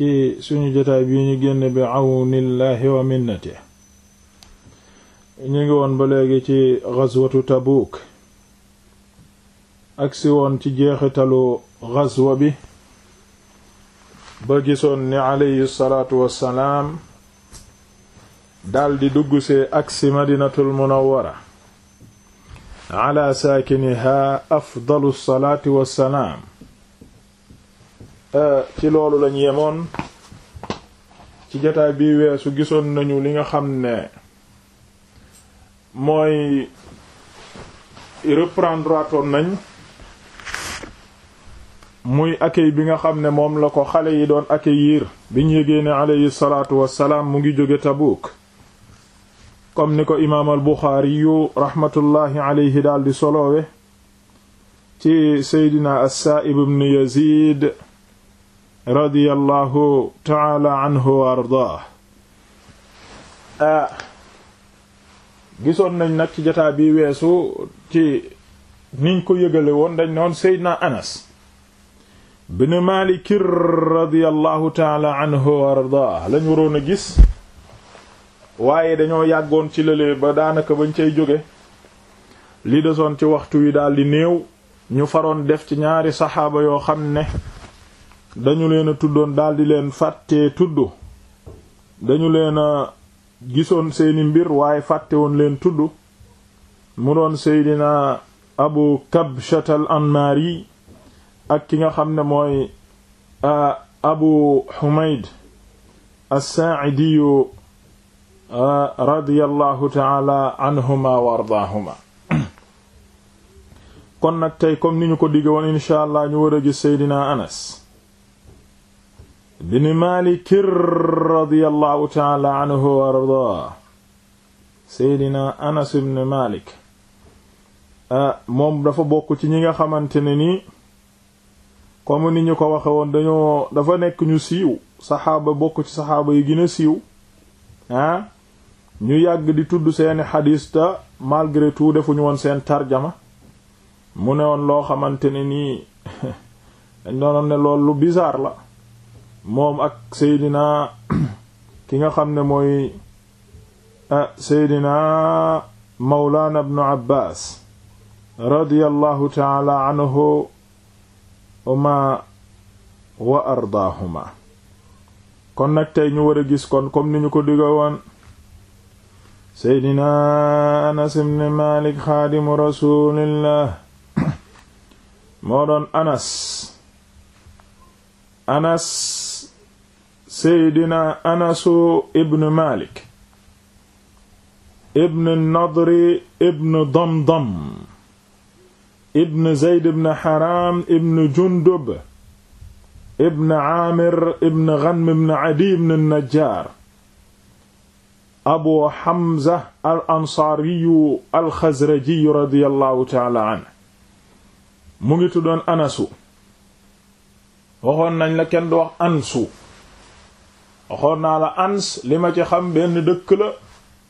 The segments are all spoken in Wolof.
ci suñu jotaay bi ñu génn bi àwnillaahi wa minnati ñu ngi woon ba léegi ci ghazwatu Tabuuk agsi woon ci jeexitalu ghazwa bi ba gisoon ni aleyhi salaatu wassalaam daldi duggusee agsi madinatul munawwara ala saakinihaa afdalu salaati Euh, ci loolu lañu yemoon ci jotaay bi weesu gisoon nañu li nga xam ne mooy reprendre atoon muy accueil bi nga xam ne moom la ko xale yi doon accueillir bi ñu yégée ne aleyhi salaatu wassalaam mu ngi jóge Tabuuk kom ni ko imaam al Buxaari yu raxmatullaahi aleyhi daldi soloowe ci seydina as-Saa'ib ibn Yaziid radiyallahu taala anhu wa ah, gisoon nañ nag ci jotaay bi weesu ci niñ ko yëgale woon dañ noon seydna anas bin maalikir radiyallahu taala anhu wa lañ waroon a gis waaye dañoo yàggoon ci lële ba daanaka bañ cay jóge li desoon ci waxtu wi daal néew ñu faroon def ci ñaari saxaaba yoo xam ne dañu leen a tuddoon daldi leen fàttee tudd dañu leen a gisoon seeni mbir waaye fàtte woon leen tudd mu doon seydina abu kabshat al anmaari ak ki nga xam ne mooy abu humayd as-saa'idiyu radiyallahu taala anhuma wa ardaahuma kon nag tey comme ni ñu ko digg woon incha allah ñu war a gis seydina anas bin Maalik radiyallahu taala anhu wa ardaa Seydina Anas ibn Maalik ah, moom dafa bokk ci ñi nga xamante ne ni comme ni ñu ko waxe woon dañoo dafa nekk ñu siiw saxaaba bokk ci saxaaba yi gën a siiw ah ñu yàgg di tudd seeni xadiis te malgré tout defuñu woon seen tarjama mu ne woon loo xamante ne nii dañ doonoon ne loolu lu la moom ak seydina ki nga xam ne mooy ah, seydina mawlaana bnu abbaas radiyallahu taala anhuma wa ardaahuma kon nag tey ñu war gis kon comme ni ñu ko digga woon seydina anas ibn malik xaadimu rasulillah moo doon anas anas seydina anasu ibn malik ibn nadri ibn damdam ibn zeyd ibn haram ibn jundub ibn aamir ibn ghanm ibn adi ibn najjar abu hamza al ansaariyu al xazrajiyu radiyallahu taala an mu ngi tuddoon anasu waxoon nañ la kenn du wax ansu waxoon naa la ans li ma ci xam benn dëkk la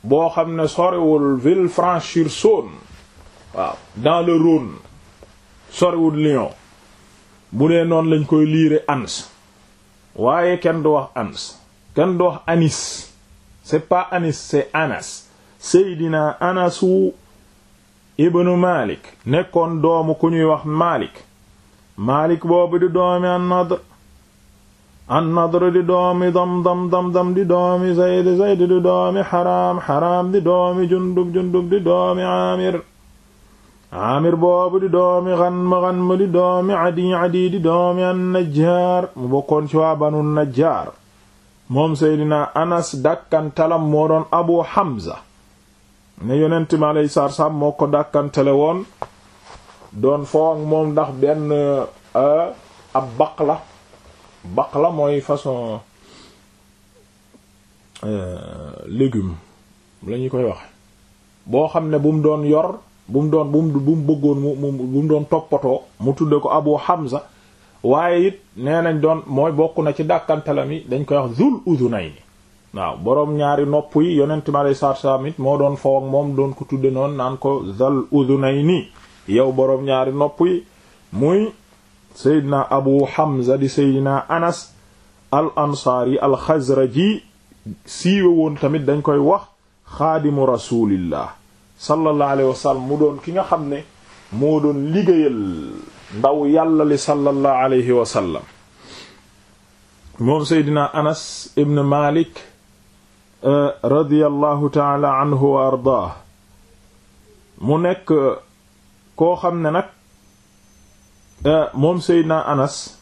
boo xam ne sorewul Villefranche-sur-Saône dans le Rhône sorewul Lyon bu dee noonu lañ koy liire ans waaye kenn du wax ans kenn du wax anis c'est pas anis c'est anas seydina ibnu malik nekkoon doomu ku ñuy wax malik malik boobu di doomi an Nadr an nadr di doomi dam-dam di doomi zayd zayd di doomi xaraam xaraam di doomi jundub jundub di doomi aamir boobu di doomi xanm xanm di doomi adi adi di doomi annajjaar mu bokkoon ci waa banu najjaar moom seydina anas dàkkantalam moo doon abu hamza ne yonent mi alayhi salaatu moo ko dàkkantale woon doon foo moom ndax benn euh, ab baq baq la mooy façon euh, légume la ñu koy wax boo xam ne bu mu doon yor bu mu doon bu mu bu mu bëggoon mu bu mu doon toppatoo mu tudde ko Abu Hamza waaye it nee nañ doon mooy bokk na ci dàkkantalam yi dañ koy wax zul uzunayni waaw boroom ñaari nopp yi yonent mi alei saatu salaam it moo doon foog moom doon ko tudde noon naan ko zal uzunayni yow boroom ñaari nopp yi muy seydina abu hamza di seydina anas al ansaari al xazraji dañ koy wax xaadimu rasulillah sallallahu alayhi wa mu doon ki nga xam ne moo doon liggéeyal ndaw yàlla li sallallahu alayhi wa sallam seydina anas ibn malik uh, radiyallahu taala anhu wa ardaah mu nekk koo xam ne nag Euh, moom Seydina Anas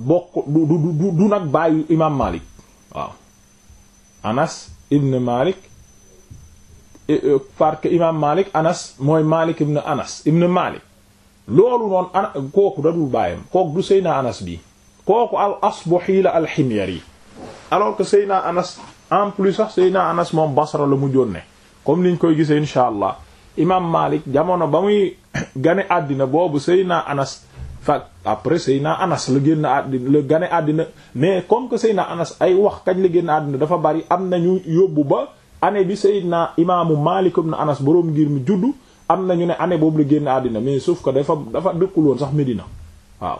bokk du du du du nag bàyyi imaam Malik waaw Anas ibn Malik euh, parce que Malik Anas mooy Malik ibn Anas ibn Malik loolu noonu ana kooku dadul bàyyam kooku du Seydina Anas bi kooku al asboxii la alximyar yi alors que Anas en plus sax Seydina Anas moom Basra la mu jóon ne comme niñ koy gisee incha allah imaam Malik jamono ba muy gane àddina boobu sëy naa Anas fa après naa Anas la génn àddina la gane àddina mais comme que na Anas ay wax kañ la génn dafa bari am nañu yóbbu ba année bi Seydina imaamu Malik ibn Anas boroom ngir mi juddu am nañu ne année boobu la génn àddina mais sauf que dafa dafa dëkkul woon sax Medina waaw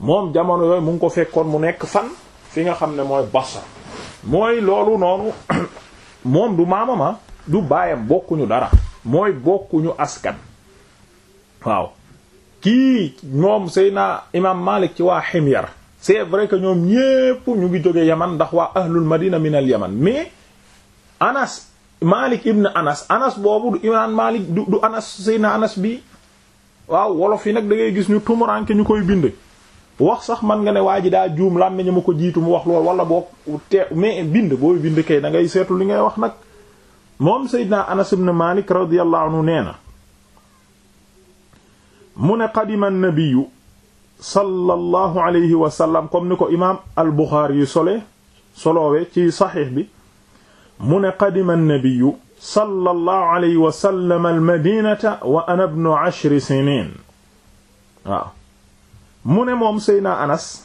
moom jamono yooyu mu ngi ko fekkoon mu nekk fan fi nga xam ne mooy Basra mooy loolu noonu moom du maamama ah. du baayam bokkuñu dara mooy bokkuñu askan waaw kii ñoom Seydina imam Malik ci waa Himyar c'est vrai que ñoom ñépp ñu ngi jógee Yaman ndax waa ahlul madina min Yaman mais Anas Malik ibn Anas Anas boobu du imam Malik du du Anas Seydina Anas bi waaw wolof yi nag da ngay gis ñu tumuranke ñu koy bind wax sax man nga ne waa ji daa juum làmmiñ ma ko jiitu mu wax lool wala boo te mais bind booy bind kay da ngay seetu li ngay wax nag moom Seydina Anas ibn Malik radiyallahu anhu nee na mu ne qadima nabiyu sallallahu alayhi wa ni ko imaam al Buxaari yu sole soloowe ci saxiix bi mu ne qadima nabiyu sallallahu alayhi wa sallam al madinata wa ana ibnu mu ne moom Seydina Anas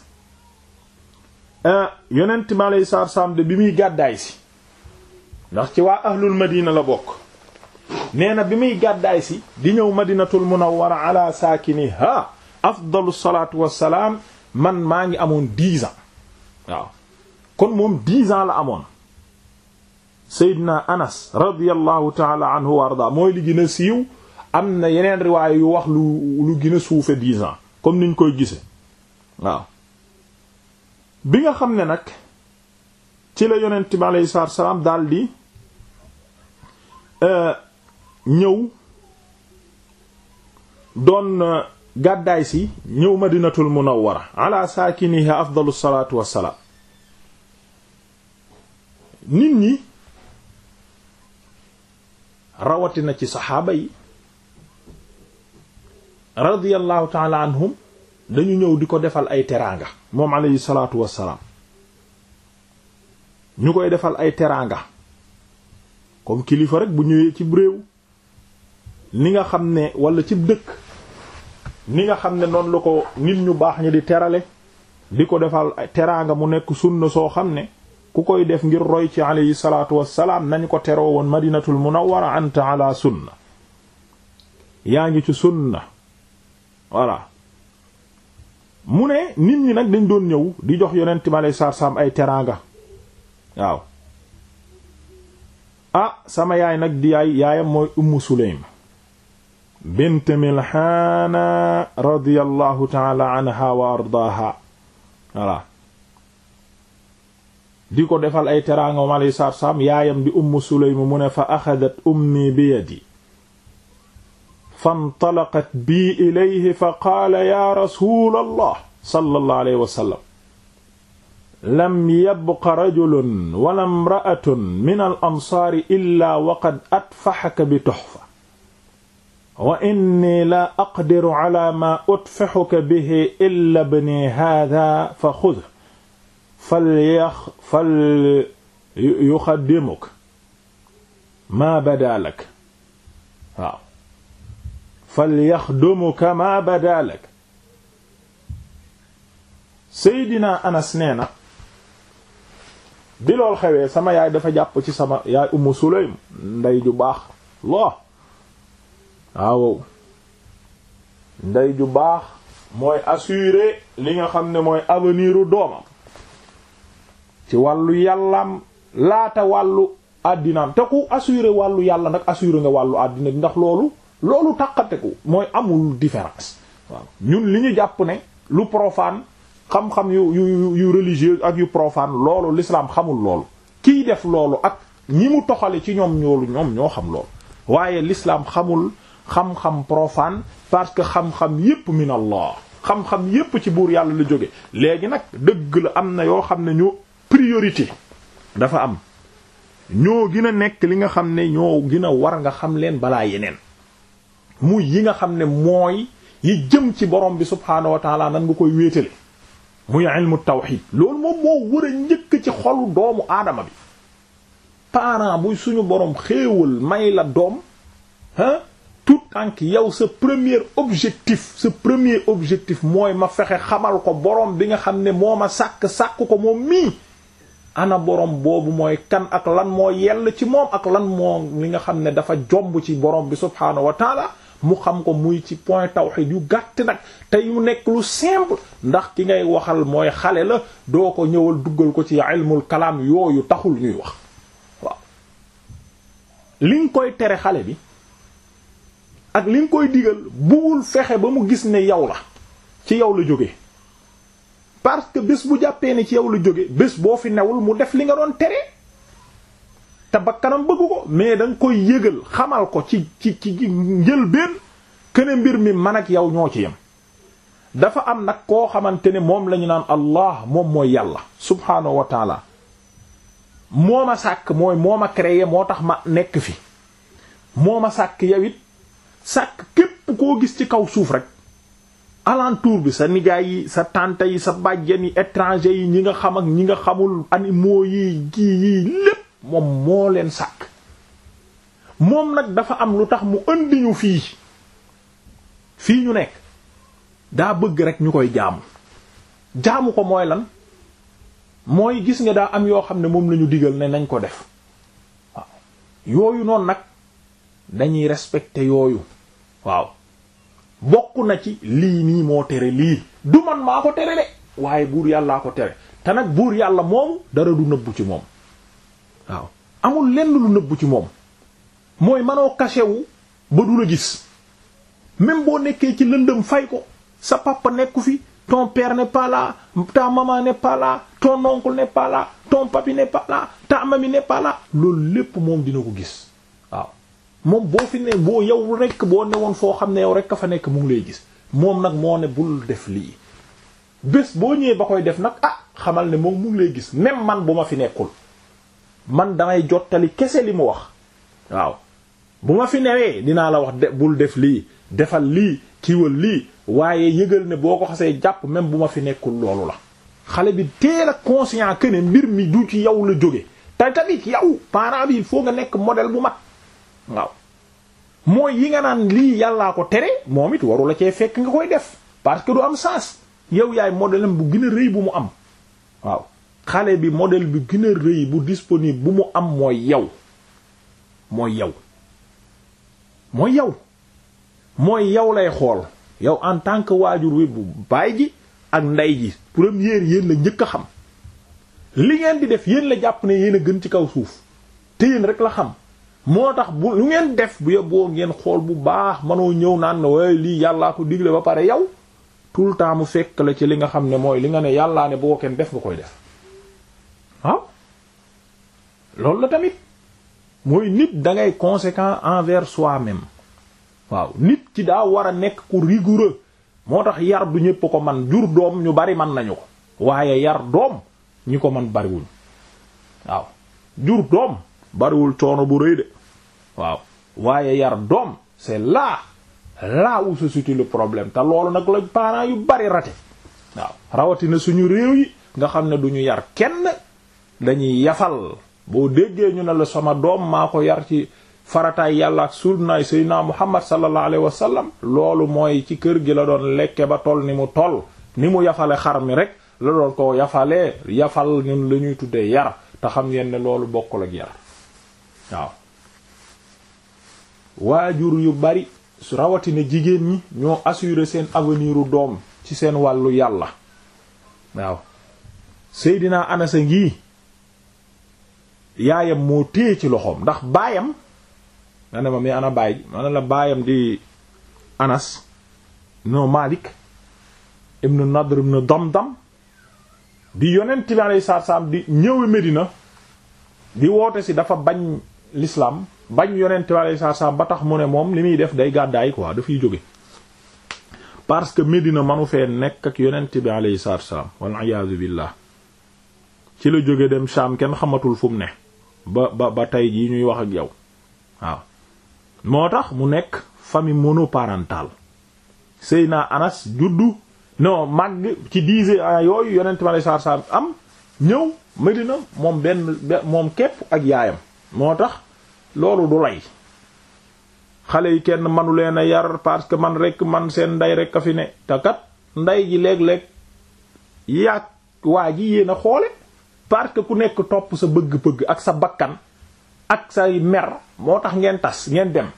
eh, yonent mi alayhi salaam de bi muy gàddaay si ndax ci waa ahlul madina la bokk nee na bi muy gàddaay si di ñëw madinatul munawwara ala saakiniha afdalu salaatu wassalaam man maa ngi amoon dix ans waaw kon moom dix la amoon Seydina Anas radiyallahu taala anhu wa arda mooy li gën a siiw am na yeneen riwaay yu wax lu lu gën a suufe dix ans comme niñ koy gise waaw bi nga xam ne nag ci la yonent bi alayhi salaatu wa salaam daldi Euh, ñëw doon euh, gàddaay si ñëw madinatul munawwara ala saakiniha afdalu salaatu wassalaam nit ñi rawatina ci saxaaba yi radiyallahu taala anhum dañu ñëw di ko defal ay teraanga moom alayhi salaatu wassalaam ñu koy defal ay teraanga comme kilifa rek bu ñëwee cib réew ni nga xam ne walla cib dëkk ni nga xam ne noonu la ko nit ñu baax ñi di terale di ko defal teraanga mu nekk sunna soo xam ne ku koy def ngir roy ci alayhi salaatu wassalaam nañ ko teroo woon madinatul munawwara anta ala sunna yaa ngi ci sunna voilà mu ne nit ñi nag dañ doon ñëw di jox yonent mi alayhi salaatu ay teraanga waaw ah sama yaay nag di yaay yaayam mooy ummu sulaym bint milhaana radiyallahu taala anha wa ardaaha voilà di ko defal ay teraanga moom alayhi salaatu salaam yaayam di ummu sulaym mu ne fa axadat ummi bi yadi fantalaqat bii ilayhi fa qaala ya rasuulallah sallallahu alayhi wa sallam lam yabqa rajulun wala imra'atun min al ansaari illaa waqad atfaxaka bi tuhfa wa inni laa aqdiru ala maa utfixuka bihi illa bni haadaa fa xudh falyuxaddimuk maa badaa lak waaw falyaxdumuka maa badaa lak Seydina Anas nee na bi lool xewee sama yaay dafa jàpp ci sama yaay Ummu Sulaym ndey ju baax loo waaw ndey ju baax mooy assurer li nga xam ne mooy avenir u doomam ci wàllu yàllaam laata wàllu àddinaam te ku assurer wàllu yàlla nag assurer nga wàllu àddina ndax loolu loolu tàqateku mooy amul différence waaw ñun li ñu jàpp ne lu profane xam-xam yu yu yu religieux ak yu profane loolu l'islam xamul loolu kiy def loolu ak ñi mu toxale ci ñoom ñoolu ñoom ñoo xam loolu waaye l'islam xamul xam-xam profane parce que xam-xam yépp min Allah xam-xam yépp ci buur yàlla la jóge léegi nag dëgg la am na yoo xam ne ñoo priorité dafa am ñoo gën a nekk li nga xam ne ñoo gën a war nga xam leen balaa yeneen muy yi nga xam ne mooy yi jëm ci borom bi subhaanahu wa taala nan nga koy wéetale muy ilmu tawxid loolu moom moo wura a njëkk ci xolu doomu aadama bi parent buy suñu borom xéewal may la doom ah tout en que yow sa premier objectif sa premier objectif mooy ma fexe xamal ko borom bi nga xam ne moo ma sàkk sàkk ko moom mii ana borom boobu mooy kan ak lan moo yell ci moom ak lan moo li nga xam ne dafa jomb ci borom bi subhaanahu wa mu xam ko muy ci point tawhid yu gàtt nag te yu nekk lu simple ndax ki ngay waxal mooy xale la doo ko ñëwal duggal ko ci ilmul kalaam yooyu taxul ñuy wax waaw li nga koy tere xale bi ak li nga koy digal bugul fexe ba mu gis ne yow la ci yow la jóge parce que bés bu jàppee ne ci yow la jóge bés boo fi newul mu def li nga doon tere te bakkanam bëgg ko mais da koy yëgal xamal ko ci ci ci njëlbéen kene mbir mi man ak yow ñoo ci yam dafa am nag koo xamante ne moom lañu ñu naan allah moom mooy yàlla subhaanahu wa taala moo ma sàkk mooy moo ma créé moo tax ma nekk fi moo ma sàkk yow it sàkk képp koo gis ci kaw suuf rek alentour bi sa nijaay yi sa tante yi sa bàjjen yi étranger yi ñi nga xam ak ñi nga xamul animaux yi gi yi lépp moom moo leen sàkk moom nag dafa am lu tax mu andi ñu fii fii ñu nekk daa bëgg rek ñu koy jaamu jaamu ko mooy lan mooy gis nga daa am yoo xam ne moom lañu digal ne nañ ko def yooyu noonu nag dañuy respecter yooyu waaw bokk na ci lii nii moo tere lii du man maa ko tere de waaye buur yàllaa ko tere te nag buur yàlla moomu dara du nëbbu ci moom waaw amul lenn lu nëbbu ci moom mooy manoo caché wu ba du la gis même boo nekkee ci lëndëm fay ko sa papa nekku fi ton père n'est pas là ta maman n'est pas là ton oncle n'est pas là papi n'est pas là loolu lépp moom dina ko gis waaw moom boo fi ne boo yow rekk boo woon foo xam ne yow rekk a fa nekk mu ngi lay gis moom nag moo ne bul def lii bés boo ñëwee ba koy def nag a ah, xamal ne moom mu ngi lay gis même man bu ma fi nekkul man damay jottali kese li mu wax waaw bu ma fi newee dinaa la wax de bul def lii defal lii kiiwal lii waaye yëgal ne boo ko xasee jàpp même bu ma fi nekkul loolu la xale bi teel a conscient que ne mbir mi du ci yow la jóge te tamit yow parent bi il nekk modèle bu mat waaw mooy yi nga naan lii yàllaa ko tere moom it waru la cee fekk nga koy def parce que du am sens yow yaay modèle am bu gën a rëy bu mu am waaw xale bi modèle bi gën a rëy bu disponible bu mu am mooy yow mooy yow mooy yow mooy yow lay xool yow en tant que waajur wi bu baay ji ak ndey ji première yéen la njëkk a xam li ngeen di def yéen la jàpp ne yéen a gën ci kaw suuf te yéen rek la xam moo tax bu lu ngeen def bu yeboo ngeen xool bu baax manoo ñëw naan na waaye lii yàllaa ko digle ba pare yow tout le temps mu fekk la ci li nga xam ne mooy li nga ne yàllaa ne boo kenn def nga koy def Ah? loolu la tamit mooy nit da ngay conséquent envers soi-même waaw nit ci daa war a nekk ku rigoureux moo tax yar du ñépp ko man jur doom ñu bari man nañu ko waaye yar doom ñi ko man bariwuñ waaw jur doom bariwul coono bu rëy de waaw waaye yar doom c'est là là où se situe problème te loolu nag la parents yu bari raté waaw rawatina suñu réew yi nga xam ne duñu yar kenn dañuy yafal boo déggee ñu ne la sama doom maa ko yar ci farataay yàlla ak sunnaay seydinaa muhammad sallallahu alayhi wa sallam loolu mooy ci kër gi la doon lekke ba toll ni mu toll ni mu yafale xar mi rek la doon ko yafale yafal ñun la ñuy tuddee yar te xam ngeen ne loolu bokkul ak yar waajur yu bari rawatina jigéen ñi ñoo assurer seen aveniru doom ci seen wàllu yàlla waaw seydinaa anasa ngii yaayam moo téye ci loxoom ndax baayam nga ne ma mais ana baay ma la baayam di Anas no Malik ibn Nadr dam Damdam di yonent bi alayhi salaam di ñëwe Medina di woote si dafa bañ lislaam bañ yonent bi alayhi salaam ba tax mu ne moom li muy def day gàddaay quoi dafiy jóge parce que Medina manu fee nekk ak yonent bi alayhi salaam wal iyaazu billah ci la jóge dem Sham kenn xamatul fu mu ne ba ba ba tey jii ñuy wax ak yow waaw moo tax mu nekk famille monoparentale Seyna Anas juddu non màgg ci dix ans yooyu yonent ma lay saar saar am ñëw Medina moom benn moom képp ak yaayam moo tax loolu du lay xale yi kenn manu leen a yar parce que man rekk man seen ndey rek a fi ne te kat ndey ji léeg-léeg yàgg waa ji yéen a xoole parce que ku nekk topp sa bëgg-bëgg ak sa bakkan ak say mer moo tax ngeen tas ngeen dem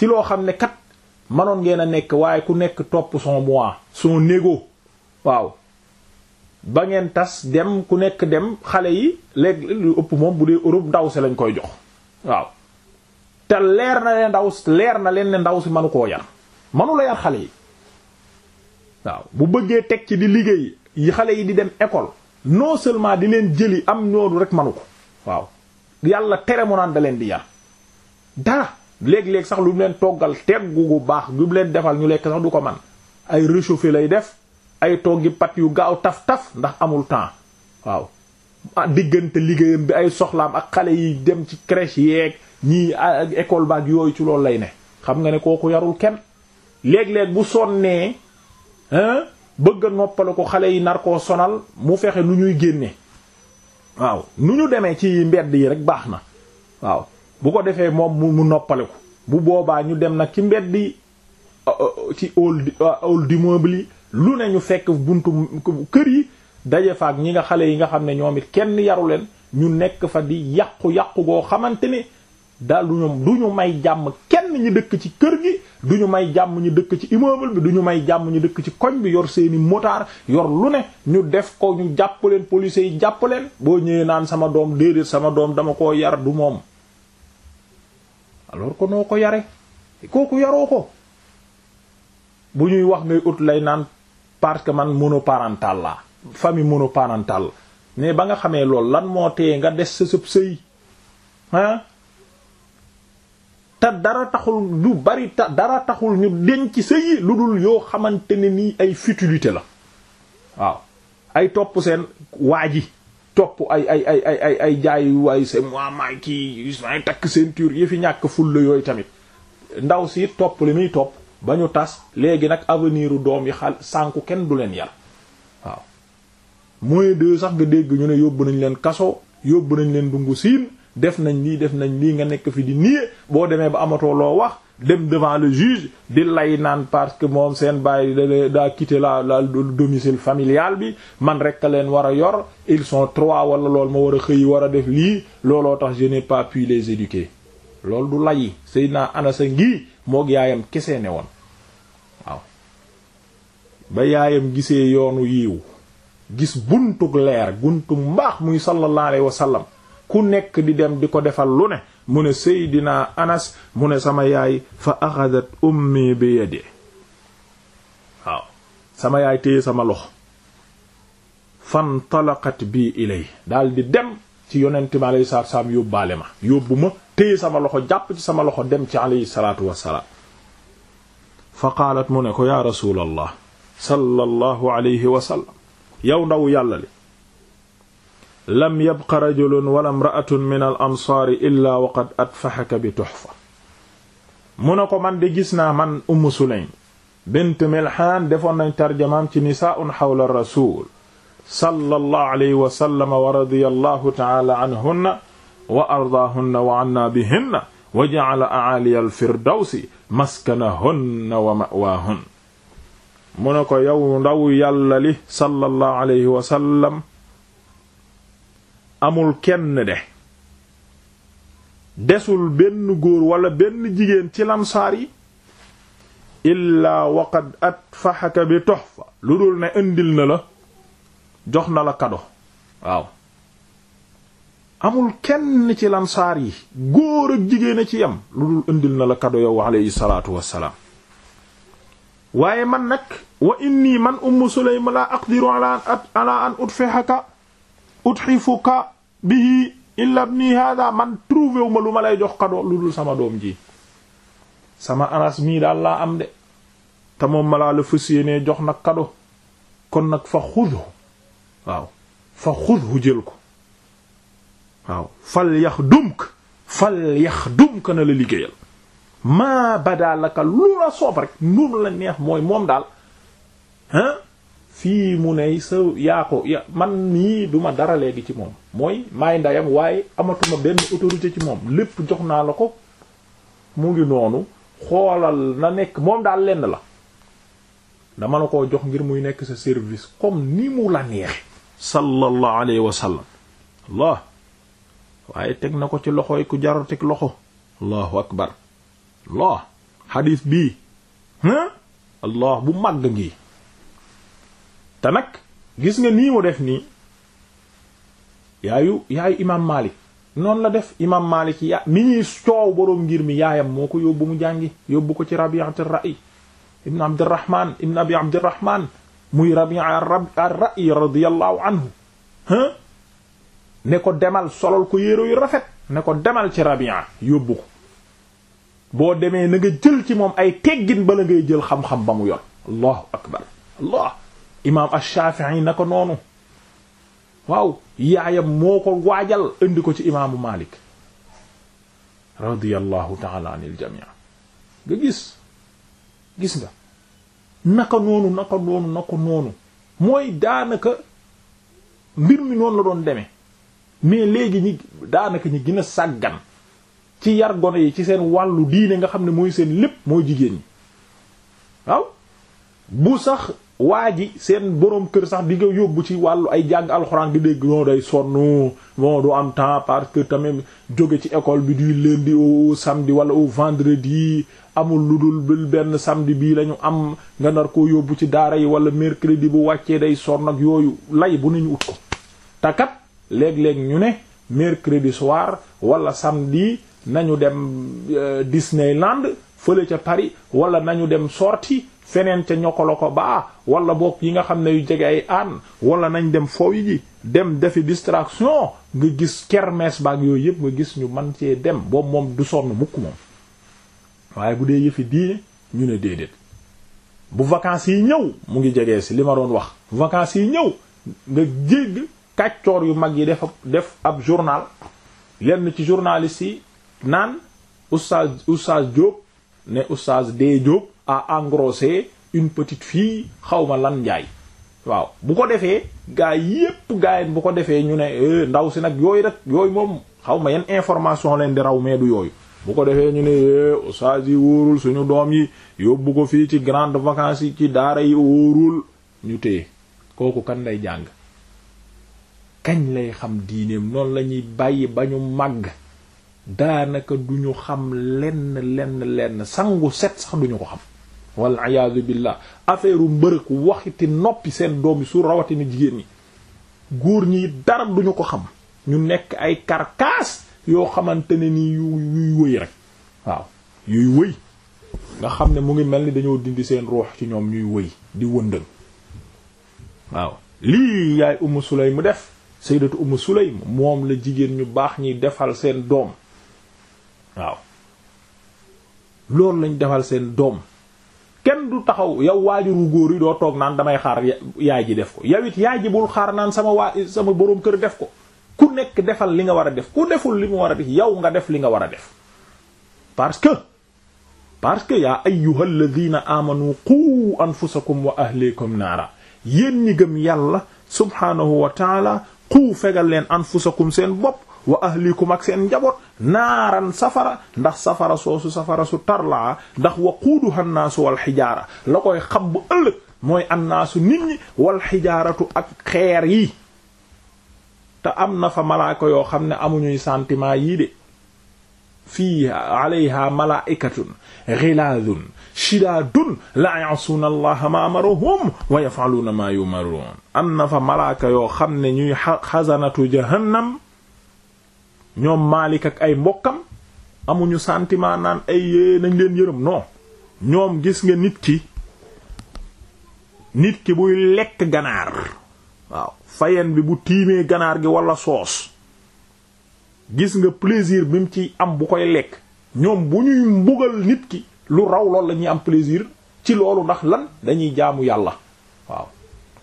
ci loo xam ne kat manoon ngeen a nekk waaye ku nekk topp son moi son négo waaw ba ngeen tas dem ku nekk dem xale yi léeg lu ëpp moom bu dee Europe ndaw si lañ koy jox waaw te leer na leen ndaw si leer na leen ne ndaw si manu koo yar manu la yar xale yi waaw bu bëggee teg ci di liggéey yi xale yi di dem école non seulement di leen jëli am ñoodu rek manu ko waaw yàlla tere mu leen di yar dara léeg-léeg sax lu mu leen toggal teggu gu baax lu mu leen defal ñu lekk sax du ko man ay réchauffé lay def ay toggi pat yu gaaw taf-taf ndax amul temps waaw ah, diggante liggéeyam bi ay soxlaam ak xale yi dem ci crèche yeeg ñii ah, école baak yooyu ci loolu lay ne xam nga ne kooku yarul kenn léeg-léeg bu sonnee hein bëgg a noppale ko xale yi nar koo sonal mu fexe nu ñuy génne waaw nu ñu demee ci mbedd yi rek baax na waaw bu ko defee moom mu noppale bu boobaa ñu dem nag ki mbedd yi ci hall hall d'immeuble yi lu ne ñu fekk buntu kër yi daje fa ak ñi nga xale yi nga xam ne ñoom it kenn yaru leen ñu nekk fa di yàqu yàqu goo xamante ni daal du ñu du ñu may jàmm kenn ñu dëkk ci kër gi du ñu may jàmm ñu dëkk ci immeuble bi du ñu may jàmm ñu dëkk ci koñ bi yor seeni motard yor lu ne ñu def ko ñu jàpp leen police yi jàpp leen boo ñëwee naan sama doom déedéet sama doom dama ko yar du moom alors que noo ko yare kooku yaroo ko bu ñuy wax ngay ut lay naan parce que man monoparental la famille monoparentale mais ba nga xamee loolu lan moo tee nga des sa sëb sëy te dara taxul du bari ta dara taxul ñu denc sëyi lu dul yoo xamante ne nii ay futilité la waaw ay topp seen waa ji topp ay ay ay ay ay ay jaay waay c'est moi maay kii may takk ceinture yi fi ñàkk fulla yooyu tamit ndaw si topp li muy topp ba ñu tas léegi nag avenir doom yi xal sànku kenn du leen yar waaw moyen de sax nga dégg ñu ne yóbbu nañ leen kaso yóbbu nañ leen dungu siin def nañ lii def nañ lii nga nekk fi di nié boo demee ba amatoo loo wax dem devant le juge di lay naan parce que moom seen bàyyi da daa quitté la la domicile familial bi man rek a leen war a yor ils sont wala loolu ma war a xëy war a def lii looloo tax je n'ai pas pu les éduquer loolu du layi Seydina Anas a ngi moog yaayam kese ne woon ba yaayam gisee yoonu yiw gis buntug leer guntug mbaax muy sallallahu alayhi wa sallam ku nekk di dem di ko defal lu ne mu ne seydina anas mu ne sama yaay fa axadat ummi bi yadi waaw sama yaay téye sama loxo fantalaqat bi ilay daal dem ci yonente mi alayhi salaatu wasalaam yóbbaale ma yóbbu ma téye sama loxo jàpp ci sama loxo dem ci alayhi salaatu wassalaam fa qaalat mu ne ko yaa rasulallah sallallahu alayhi wa sallam yow ndaw yàlla li lam yabqa rajulun wala imra'atun min al ansaari illaa waqad atfaxaka bi tuhfa mu ne ko man de gis naa man umm sulaym bint milhaan defoon nañ tarjamaam ci nisaa'un xawla rasuul sallallahu alayhi wa sallam wa radiyallahu ta'ala anhunna wa ardaahunna wa anna bihinna wa ja'ala a'aaliya al-firdawsi maskanahunna wa ma'waahunna mu ne ko yow ndaw yàlla li sallallahu alayhi wa sallam amul kenn de desul benn góor wala benn jigéen ci lamsaar yi illaa waqad atfaxaka bi tuhfa lu dul ne indil na la jox na la kado amul kenn ci lamsaar yi góor ak jigéen a ci yem lu dul indil na la kado yow alayhi wa inni man ummu an utfihaka utxifuka bihi illa ibni hada man trouvé wu ma lu ma lay jox kadoo lu dul sama doom ji sama anas mii daal laa am de te moom ma laa la fas yéenee jox nag kado kon nag fa xudhu waaw fa xudhu jël ko waaw fal yax dumk fal yax dumk na la liggéeyal maa badalaka lu la soob rek noonu la neex mooy moom daal hein fii mu ne sa yaa ko man nii duma dara léegi ci moom mooy maay ndayam waaye amatuma benn autorité ci moom lépp jox naa la ko mu ngi noonu xoolal na nekk moom daal lenn la dama la ko jox ngir muy nekk sa service comme ni mu la neex sallallahu alayhi wa sallam allah waaye teg na ko ci loxoy ku jaru teg loxo allahu akbar allah xadiis bii allah bu màgg ngi te nag gis nga nii mu def nii yaayu yaayu imaam Malik noonu la def imaam Malik ya mi ñuy coow boroom ngir mi yaayam moo ko yóbbu mu jàngi yóbbu ko ci Rabi'at ar-Ra'i ibn Abdirahman muy Rabi'a ar-Ra'i radiyallahu anhu ne ko demal solol ko yére yu rafet ne ko demal ci Rabi'a yóbbu ko boo demee na nga jël ci moom ay teggin bala ngay jël xam-xam ba mu yor allahu akbar imaam Ash-Shafi'i naka noonu waaw yaayam moo ko waajal indi ko ci imaamu Malik radiyallahu ta'ala anil jami' nga gis gis nga naka noonu naka noonu mooy daanaka mbir mi noonu la doon deme mais léegi ñi daanaka ñi gën a ci yar gone yi ci seen wàllu diine nga xam ne mooy seen lépp moo jigéen ñi waaw bu sax waa ji seen borom kër sax di nga yóbbu ci wàllu ay jàng alxuraan di dégg ñoo day sonn bon du am temps parce que tamit jóge ci école bi du lundi au samedi wala au vendredi amul lu dul benn samedi bii lañu am nga nar yóbbu ci daara yi wala mercredi bu wàccee day sonn ak yooyu lay bu nañu ut ko takat léeg-léeg ñu ne mercredi soir wala samedi nañu dem euh, Disneyland fële ca Paris wala nañu dem sorti feneen ca ñokkala ko baa wala boog yi nga xam ne yu jege ay ànn wala nañ dem fooyi ji dem defi distraction nga gis kermesse baak yooyu yëpp nga gis ñu man cee dem boobu moom du sonn mukk moom waaye bu dee yëfi diine ñu ne déedéet bu vacances yi ñëw mu ngi jegee si li ma doon wax vacances yi ñëw nga jégg kàccoor yu mag yi def def ab journal yenn ci journalistes yi naan oustaz oustaz Diop ne oustaz D Diop à engrosser une petite fille xawma lan njaay waaw bu ko defee gaa yépp gaa yi bu ko defee ñu ne eh, ndaw si nag yooyu rek yooyu moom xaw ma yan information leen di raw mais du yooyu bu ko defee ñu ne eh, ustaas yi wóorul suñu doom yi yóbbu ko fii ci grande vacances yi ci daara yi wóorul ñu téye kooku kan lay jàng kañ lay xam diineem noonu la ñuy bàyyi ba ñu màgg daanaka duñu xam lenn lenn lenn sangu set sax duñu ko xam wal iyaadu billah affaire mbërëk waxiti noppi seen doom yi su rawatina jigéen ñi góor ñii dara duñu ko xam ñu nekk ay karkaas yoo xamante ne ni yu yuy wëy rek waaw yuy wëy nga xam ne mu ngi mel ni dañoo dindi seen ruux ci ñoom ñuy wëy di wëndëng waaw lii yaay Umm Sulaym mu def sayyidatu Umm Sulaym moom la jigéen ñu baax ñiy defal seen doom waaw loolu lañ defal seen doom kenn du taxaw yow waajuru góor yi doo toog naan damay xaar yaay ji def ko yow it yaay ji bul xaar naan sama waa sama boroom kër def ko ku nekk defal li nga war a def ku deful li mu war a def yow nga def li nga war a def parce que parce que yaa ayyuhal ladina amanu qu anfusakum wa ahlikum naara yéen ñi gëm yàlla subhaanahu wa taala qu fegal leen anfusakum seen bopp wa ahlikum ak seen njaboot naaran safara ndax safara soosu safara su tarla ndax waquuduha nnaasu wal xijaara la koy xam bu ëllëg mooy annaasu nit ñi wal xijaaratu ak xeer yi te am na fa malaaka yoo xam ne amuñuy sentiment yii de fii alayha malaikatun ghiladun shidadun la ya'suna allaha ma amaruhum wa yaf'aluna ma yumarun am na malaaka yoo xam ne ñuy xasanatu jahannam ñoom Maalik ak ay mbokkam amuñu sentiment naan ay yée nañ leen yërëm noo ñoom gis nga nit ki nit ki buy lekk ganaar waaw fayen bi bu tiimee ganaar gi walla soos gis nga plaisir bi mu ci am bu koy lekk ñoom bu ñuy mbugal nit ki lu raw lool la am plaisir ci loolu ndax lan dañuy jaamu yàlla waaw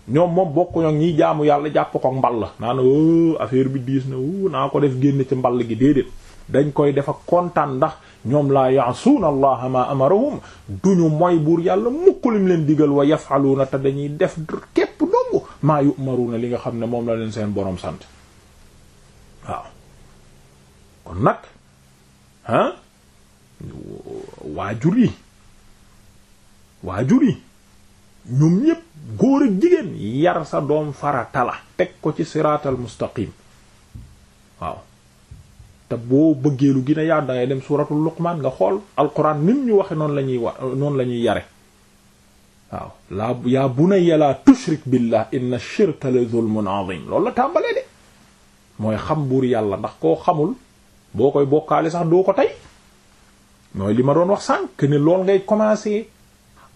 ñoom moom bokkuñu ak ñiy jaamu yàlla jàpp ko mbal la naa ne affaire bi diis na wuu naa ko def génn ci mbal gi déedéet dañ koy defa kontaan ndax ñoom laa yaasuuna allaha ma amarahum duñu moy buur yàlla mukk lim leen digal wa yafaluuna te dañuy def képp dong maa yu'maruuna li nga xam ne moom la leen seen borom sant waaw kon nag ah waajur yi waajur yi ñoom ñépp góor ak jigéen yar sa doom farata teg ko ci siraatal mustaqim waaw te boo bëggee lu gën a yaatu dangay dem suuratul luqmaan nga xool alquran nim ñu waxe noonu la ñuy wa noonu la ñuy yare waaw laa yaa bunayya laa tushrik billah inna shirka la zulmun azim loolu la tàmbalee de mooy xam buur yàlla ndax koo xamul boo koy bokkaale sax doo ko tey mooy li ma doon wax sànq ne lool ngay commencer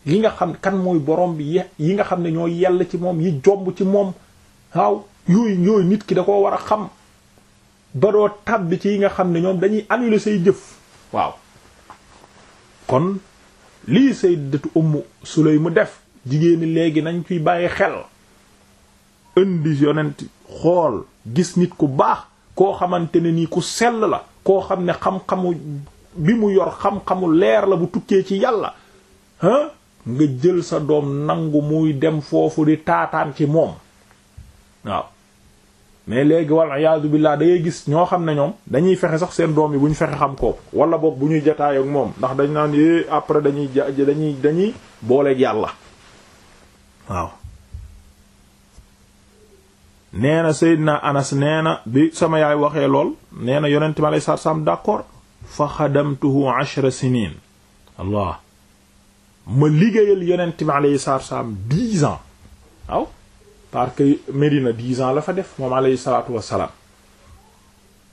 yi nga xam kan mooy borom bi yi nga xam ne ñoo yàlla ci moom yi jomb ci moom waaw yooyu nit ki da koo war a xam ba doo tàbbi ci yi nga xam ne ñoom dañuy annuler say jëf waaw kon lii sayyidatu Ummu Sulaym mu def jigéen ñi léegi nañ ciy bàyyi xel indi yonent xool gis nit ku baax koo xamante ne nii ku sell la koo xam ne xam-xamu bi mu yor xam-xamu leer la bu tukkee ci yàlla nga jël sa doom nangu muy dem foofu di taataan ci moom waaw mais léegi wal iyaadu billaah dangay gis ñoo xam ne ñoom dañuy fexe sax seen doom yi bu ñu fexe xam kooku wala boog bu ñuy jataay ak moom ndax dañ naan yé après dañuy ja dañuy dañuy booleeg yàlla waaw nee na Seydina Anas nee na bi sama yaay waxee lool nee na yonent mi alei satu salaam d'accord fa xadamtuhu ashra ma liggéeyal yonent bi alayhi salaatu wassalaam dix ans waaw parce que Medina dix ans la fa def moom alayhi salaatu wassalaam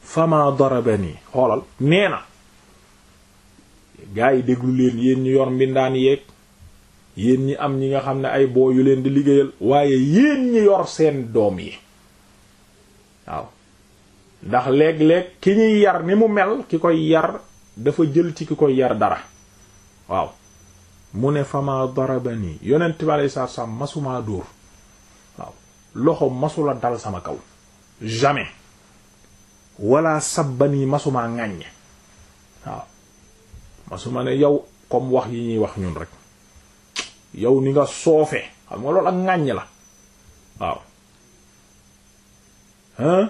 fama darabani xoolal nee na gars yi déglu leen yéen ñu yor mbindaan yéeg yéen ñi am ñi nga xam ne ay boo yu leen di liggéeyal waaye yéen ñi yor seen doom yi waaw ndax léeg-léeg ki ñuy yar ni mu mel ki koy yar dafa jël ci ki koy yar dara waaw mu ne fama darabani yonent bi alei satu masumaa dóor waaw loxo masula dal sama kaw jamais wala sabbani masumaa ŋàññe waaw masuma ne yow comme wax yi ñuy wax ñun rek yow ni nga soofee xam nga loolu ak ŋàññ la waaw hein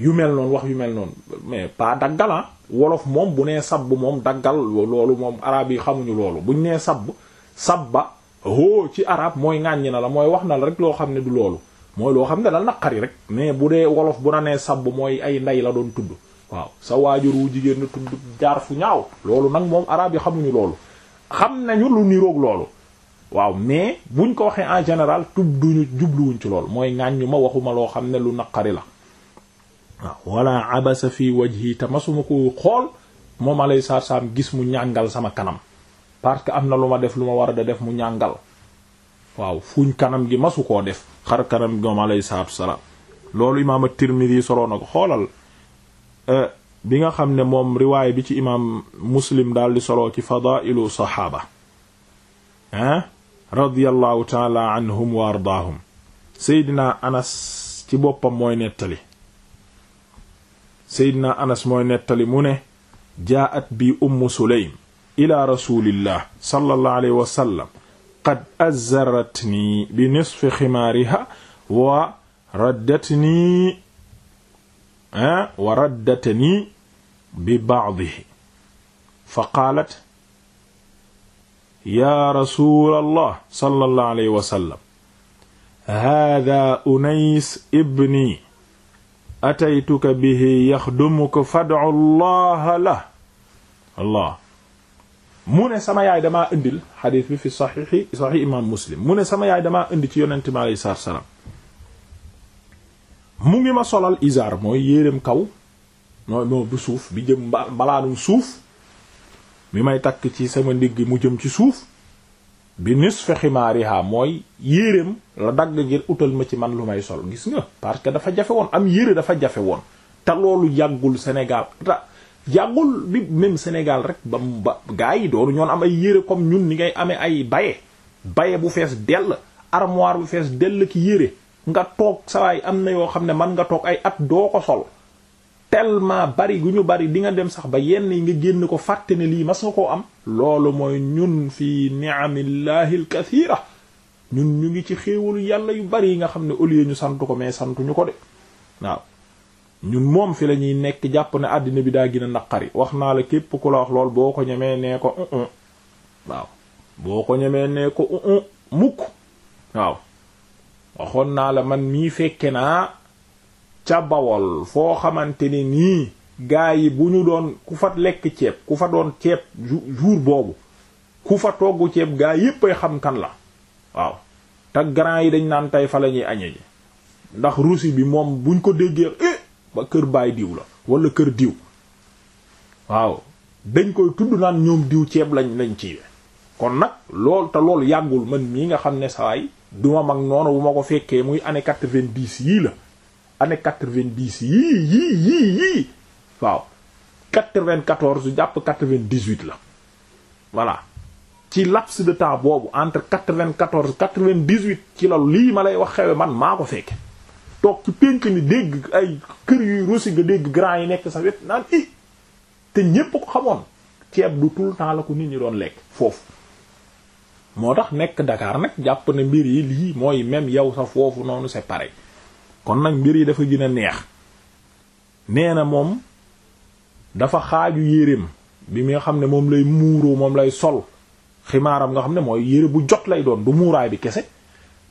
yu mel noonu wax yu mel noonu mais pas daggal ah. wolof moom bu nee sabb moom daggal loolu moom arab yi xamuñu loolu buñ nee sabb sabba hoo ci arab mooy ŋàññi na la mooy wax na la rek loo xam ne du loolu mooy loo xam ne dal naqari rek mais bu dee wolof bu na nee mooy ay ndey la doon tudd waaw sa waajur wu jigéen na tudd jaar fu ñaaw loolu nag arab yi xamuñu loolu xam nañu lu niroog loolu waaw mais buñ ko waxee en général tudd duñu jubluwuñ ci loolu mooy ŋàññu ma waxuma loo xam ne lu naqari la waaw wala abasa fi masuma ko xool moom alay gis mu ñàngal sama kanam parce que am na lu ma def lu ma war a da def mu ñàngal waaw fuñ kanam gi masu koo def xar kanam gi moom salaam loolu imaam at-Tirmidhi soloo na ko xoolal euh, bi nga xam ne moom riwaay bi ci imaam Muslim daal di soloo ci fadailu saxaaba ah radiyallahu taala anhum wa seydina Anas ci boppam mooy nettali seydina anas mooy nettali mu ne jaa'at bi ummu sulaym ila rasulillah sallallahu alayhi wa sallam qad azzaratni bi nisfi ximaariha wa raddatni ah, wa raddatni bi ba'dihi fa qaalat yaa rasulallah sallallahu alayhi wa sallam haadaa unays ibni ataytuka bihi yaxdumuka fad'u allaha la allah mu ne sama yaay damaa indil xadiis bi fi saxiixi saxiix imaam muslim mu ne sama yaay damaa indi ci yonent mi alayhi salaatu salaam mu ngi ma solal izaar mooy yéreem kaw moo bu suuf bi jëm mbalaanum suuf bi may takk ci sama ndigg mu jëm ci suuf bi nisfi ximaariha mooy yéreem la dagg ngir utal ma ci man lu may sol gis nga parce que dafa jafe woon am yére dafa jafe woon te loolu yàggul Sénégal te yàggul bi même Sénégal rek ba mu ba gaa yi doonu ñoon am ay yére comme ñun ni ngay amee ay baye baye bu fees dell armoire bu fees dell ki yére nga toog sawaay am na yoo xam ne man nga toog ay at doo ko sol tellement bari gu ñu bari di nga dem sax ba yenn yi nga génn ko fàtte ne lii mas nga koo am loolu mooy ñun fii ni'amillahi al-kathira ñun ñu ngi ci xéewalu yàlla yu bari yi nga xam ne au lieu ñu sant ko mais santuñu ko de waaw ñun moom fi la ñuy nekk jàpp ne àddina bi daa gën a naqari wax naa la képp ku la wax lool boo ko ñemee nee ko un waaw ko ñemee nee ko mukk waaw waxoon naa la man mii fekke naa ca bawol foo xamante ni nii gaa yi bu ñu doon ku fa lekk ceeb ku fa doon ceeb jour boobu ku fa togg ceeb gaa yépp ay xam kan la waaw te grand yi dañ naan tey fa lañuy añee ji ndax Russie bi moom buñ ko déggee eh ba kër baay diw la wala kër diw waaw dañ koy tudd naan ñoom diw ceeb lañ lañ ci kon nag lool te loolu yàggul man mii nga xam ne saay duma mag noonu bu ma ko fekkee muy année quatre-vingt-dix yii la année quatre-vingt-dix yii yii yii waaw quatre-vingt-quatorze jàpp quatre-vingt-dix-huit la voilà ci laps de temps boobu entre quatre-vingt-quatorze quatre-vingt-dix-huit ci loolu lii ma lay wax xewe man maa ko fekke toog ci pénk ni dégg ay kër yuy rosi nga dégg grand yi nekk sa wet naan i te ñépp ko xamoon ceeb du tout le la ko nit ñi doon lekk foofu moo tax nekk Dakar nag jàpp na mbir yi lii mooy même yow sa foofu noonu c'est pareil kon nag mbir yi dafa gën a neex nee na moom dafa xaaju yéreem bi mi nga xam ne moom lay muuroo moom lay sol ximaaram nga xam ne mooy yére bu jot lay doon du muuraay bi kese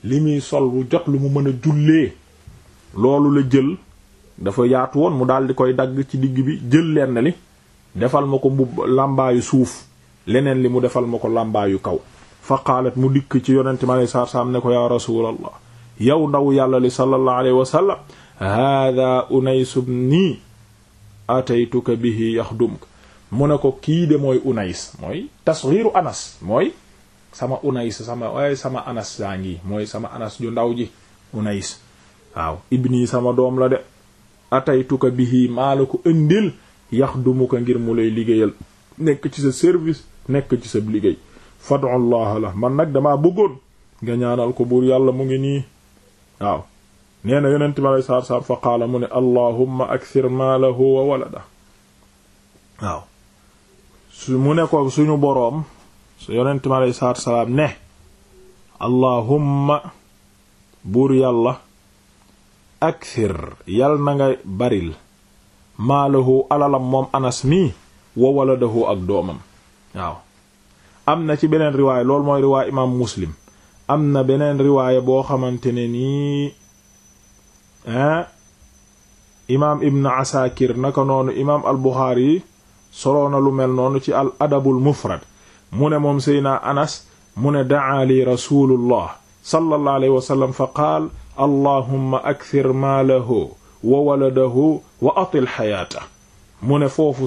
li muy sol bu jot lu mu mën a jullee loolu la jël dafa yaatu woon mu daal di koy dagg ci digg bi jël lenn li defal ma ko mbubb làmbaayu suuf leneen li mu defal ma ko làmbaayu kaw fa qaalat mu dikk ci yonente mi alei saatu ne ko yaa rasulallah yow ndaw yàlla li sallallahu alayhi wa sallam hada unays ibni ataytuka bihi yaxdumuk mu ne ko kii de mooy unays mooy tasghiru anas mooy sama unays sama ay anas yaa ngi mooy sama anas ju ndaw ji unays waaw ibni sama doom la de ataytuka bihi maa la ko indil yaxdumuka ngir mu lay liggéeyal nekk ci sa service nekk ci sa liggéey fad'u allah la man nag dama bëggoon nga ko buur yàlla mu ngi nii waaw nee na yonent bi alei saatu fa qaala mu ne allahumma akthir maalahu wa walada waaw su mu ne suñu boroom su yonent bi alei saatu salaam ne allahumma buur yàlla akthir yal na nga baril maalahu alalam moom anas mii wa waladahu ak doomam waaw am na ci beneen riwaay loolu mooy riwaay imaam muslim am na beneen riwaaya boo xamante ne nii ah imaam Ibn Asakir naka noonu imaam al Buxaari solo lu mel noonu ci al adabul mufrad mu ne moom Seydina Anas mu ne da'aa li rasulullah sallallahu alayhi wa sallam fa maalahu wa waladahu wa atil xayaata mu foofu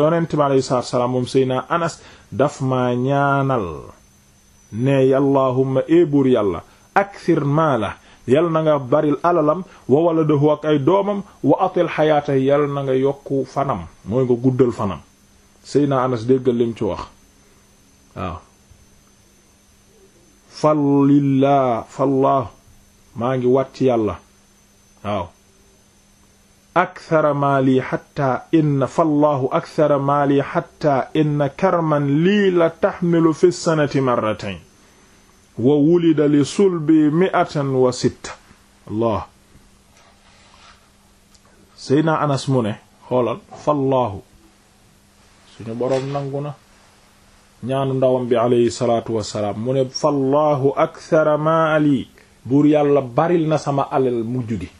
yonent bi moom Seydina Anas daf maa ñaanal. ne allahumma ee buur yàlla aksir maala yal na nga baril alalam wa waladahu ak ay doomam wa atil xayaata yal na nga yokku fanam mooy nga guddal fanam Seydina Anas déggal lim ci wax waaw fallilaa fallah maa ngi wat ci yàlla waaw akthara maali xatta inna fallahu akthara maali xatta inna karman lii la taxmilu fi sanati marratayn wa wulida li sulbi mi'atan wa sitta allah seydna anas mu ne xoolal fallaahu suñu boroom nangu na ñaanu ndawam bi aleyhi salaatu wassalaam mu ne fallaahu akthara maali buur yàlla baril na sama alal mujj gi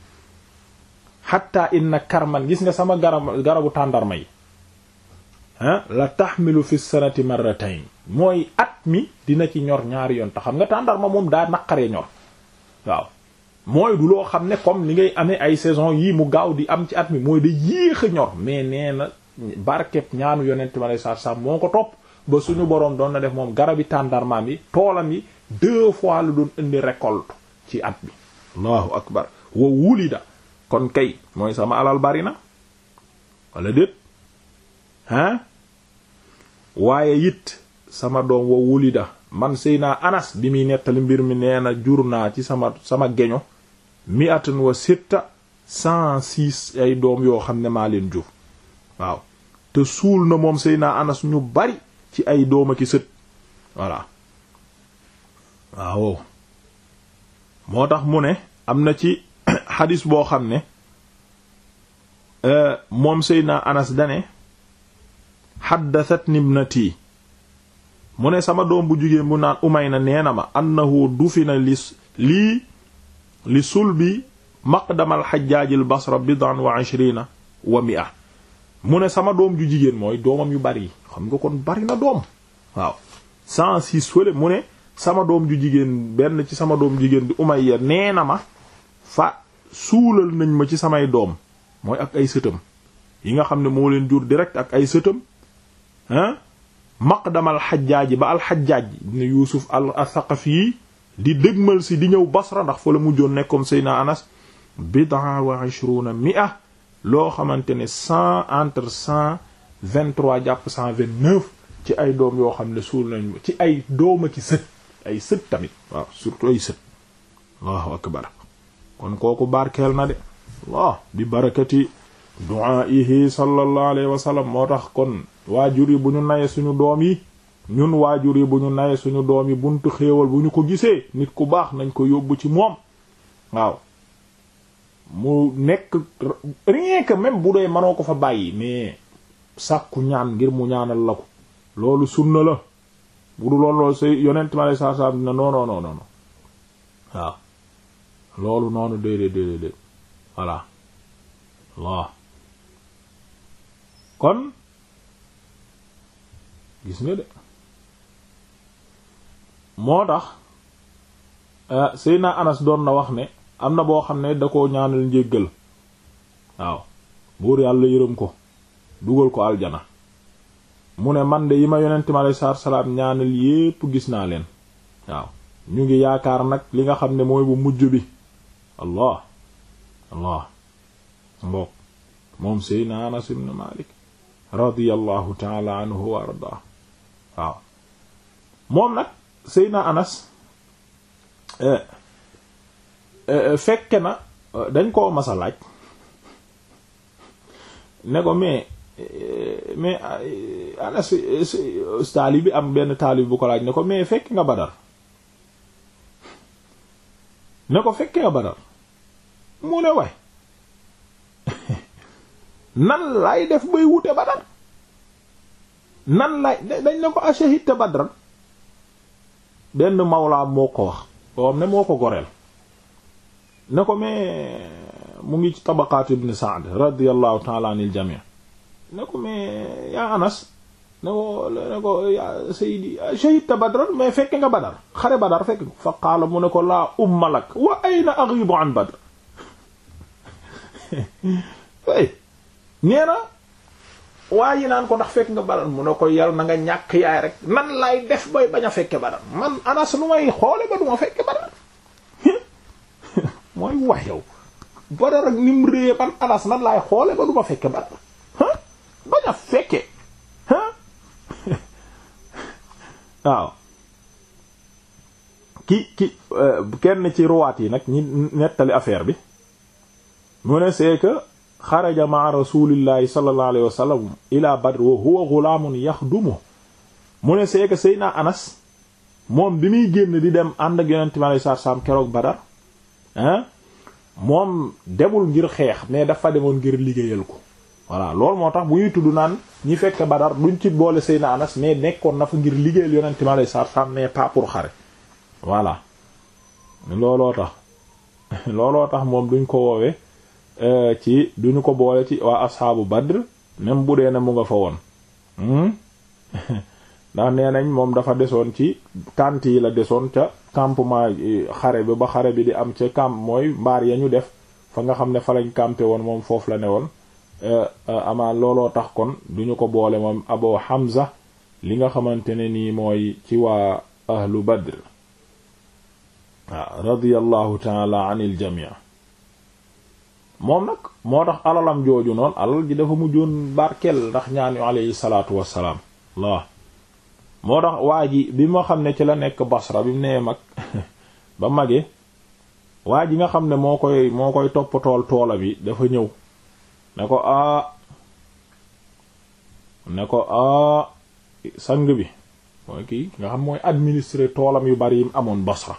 xatta inna man gis nga sama garab garabu tàndarma yi ah la taxmilu fi sanati marratayn mooy at mi dina ci ñor ñaari yoon taxam xam nga tàndarma moom daa naqaree ñor waaw mooy du loo xam ne comme li ngay ame ay saison yii mu gaaw di am ci at mi mooy da yéex a ñor mais nee na barkeb ñaanu yonent ma lay saar saam moo ko topp ba suñu boroom doon na def moom garabi tàndarmaam yi toolam yi deux fois lu doon indi récolte ci at bi wa wulida kon kay mooy sama alal bari na wala déet ah waaye it sama doom wa wulida man Seydina Anas bi muy nettali mbir mi nee na jur naa ci sama sama geño mi atan wa sitta cent six ay doom yoo xam ne maa leen jur waaw te suul na moom naa Anas ñu bari ci ay dooma ak sët voilà waaw moo tax mu ne am na ci xadis boo xam ne euh, moom naa Anas dane xaddathat nibnati mu ne sama doom bu jigéen bu naan Umayna nee na ma annahu dufina li lii li sulbi maqdamal xajjaajil basra bidan wa ashrina wa mia mu ne sama doom ju jigéen mooy doomam yu bari xam nga kon bari na doom waaw cent six wala sama doom ju jigéen benn ci sama doom jigéen bi Umayya nee na ma fa suulal nañ ma ci samay doom mooy ak ay sëtam yi nga xam ne moo leen jur direct ak ay sëtam ah maqdam alxajjaaji ba alxajjaaj ibn Yuusuf al-Saqafi yi di dégmal si di ñëw Basra ndax fa la mujjoon nekkoon Seydina Anas bid'a wa ishruna mi'a loo xamante ne cent entre cent vingt jàpp cent vingt-neuf ci ay doom yoo xam ne suul nañ ci ay dooma ci sët ay sët tamit waaw surtout ay sët Allahu akbar kon kooku barkeel na de Allah bi barakati du'aa'ihi sallallahu alayhi wa sallam moo tax kon waajur yi bu ñu naye suñu doom yi ñun waajur yi bu ñu naye suñu doom yi buntu xéewal bu ñu ko gisee nit ku baax nañ ko yóbbu ci moom waaw mu nekk rien que bu dee mënoo ko fa bàyyi mais sàkku ñaan ngir mu ñaanal la ko loolu sunna la bu du lool loolu say yonent ma lay saa saa dina non non waaw loolu noonu déedéet déedéet déet voilà Allah kon gis nga de moo tax euh, Seydina Anas doon na wax ne am na boo xam ne da ko ñaanal njéggal waaw buur yàlla yërëm ko dugal ko aljana mu ne man de yi ma yonent mi alayhi ñaanal yépp gis naa leen waaw ñu ngi yaakaar nag li nga xam ne mooy bu mujj bi allah allah mbokk moom seydna anas ibn malik radiyallahu taala anhu wa ardaa waaw moom nag seydna anas eh, eh, fekke na eh, dañ koo masa laaj ne ko mais mais anas bi am benn taalib bu ko laaj ne ko mais fekk nga badar ne ko fekke nga badar mu ne waay nan lay def bay wute badar nan lay dañ ne ko ashahidta ah, badran benn mawlaa moo ko wax boo ne moo ko goreel ne ko mais mu ngi ci tabaqaat ibn Sa'd radiyallahu ta'ala anil jami' ne ko mais yaa Anas ne ko ne ko yaa Sayyidi shahidta Badran mais nga Badar xare Badar fekk nga fa qaala mu ne ko laa umma wa ayna aghibu an Badr way nee waa yi naan ko ndax fekk nga badan mu ne ko yar na nga ñàkk yaay rek nan laay def bay bañ a fekke badan man anas nu may xoole ba du ma fekke badan mooy wax yow badar ak nim réye ban anas nan laay xoole ba du ma fekke badan bañ a fekke waaw ki ki eh, kenn ci ruwaat yi nag ñi nettali affaire bi mu ne c'est que xaraja maa rasulillahi sallallahu alayhi wa sallam ila badr wa huwa ghulaamun yaxdumu mu ne c'est que Seydina Anas moom bi muy génn di dem ànd ak yonent mi alayhi keroog Badar hein moom demul ngir xeex mais dafa demoon ngir liggéeyal ko voilà loolu moo tax bu ñuy tudd naan ñi fekk Badar duñ ci boole Seydina Anas mais nekkoon na fa ngir liggéeyal yonent mi alayhi salaatu salaam mais pas pour xare voilà looloo tax looloo tax moom duñ ko woowee Euh, ci duñu ko boole ci waa asxaabu Badr même bu dee ne mu nga fa woon hmm? ndax nee nañ moom dafa desoon ci tànt yi la desoon ca campement euh, xare bi ba xare bi di am ca camp mooy mbaar ya ñu def fa nga xam ne fa lañ campé woon moom foofu la ne woon euh, amaa looloo tax kon duñu ko boole moom Abu Hamza li nga xamante ne nii mooy ci waa ahlu Badr waaw radiyallahu taala anil jamii moom nag moo tax alalam jooju noonu alal ji dafa mujjoon barkeel ndax ñaan yu alayhi salaatu wassalaam waaw moo tax waa ji bi ma xam ne ci la nekk Basra bi mu nee mag ba mage waa ji nga xam ne moo koy moo koy toppatool toola bi dafa ñëw ne ko aa ne ko aa sang bi mooy kii nga xam mooy administrer toolam yu bari yim amoon Basra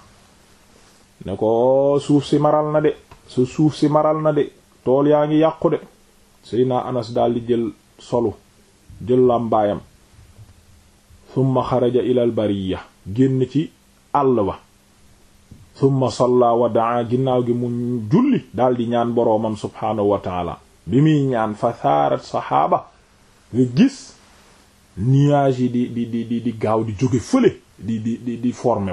ne ko suuf si maral na de sa suuf si maral na de tool yaa ngi yàqude de Seydina Anas daldi jël solu jël làmbaayam summa xaraja ilal bariya génn ci àll ba summa salla wa daa ginnaaw gi mu julli daldi ñaan man subhaanahu wa taala bi muy ñaan fa saarat saxaaba nga gis nuages yi di di di di gaaw di fële di di di di formé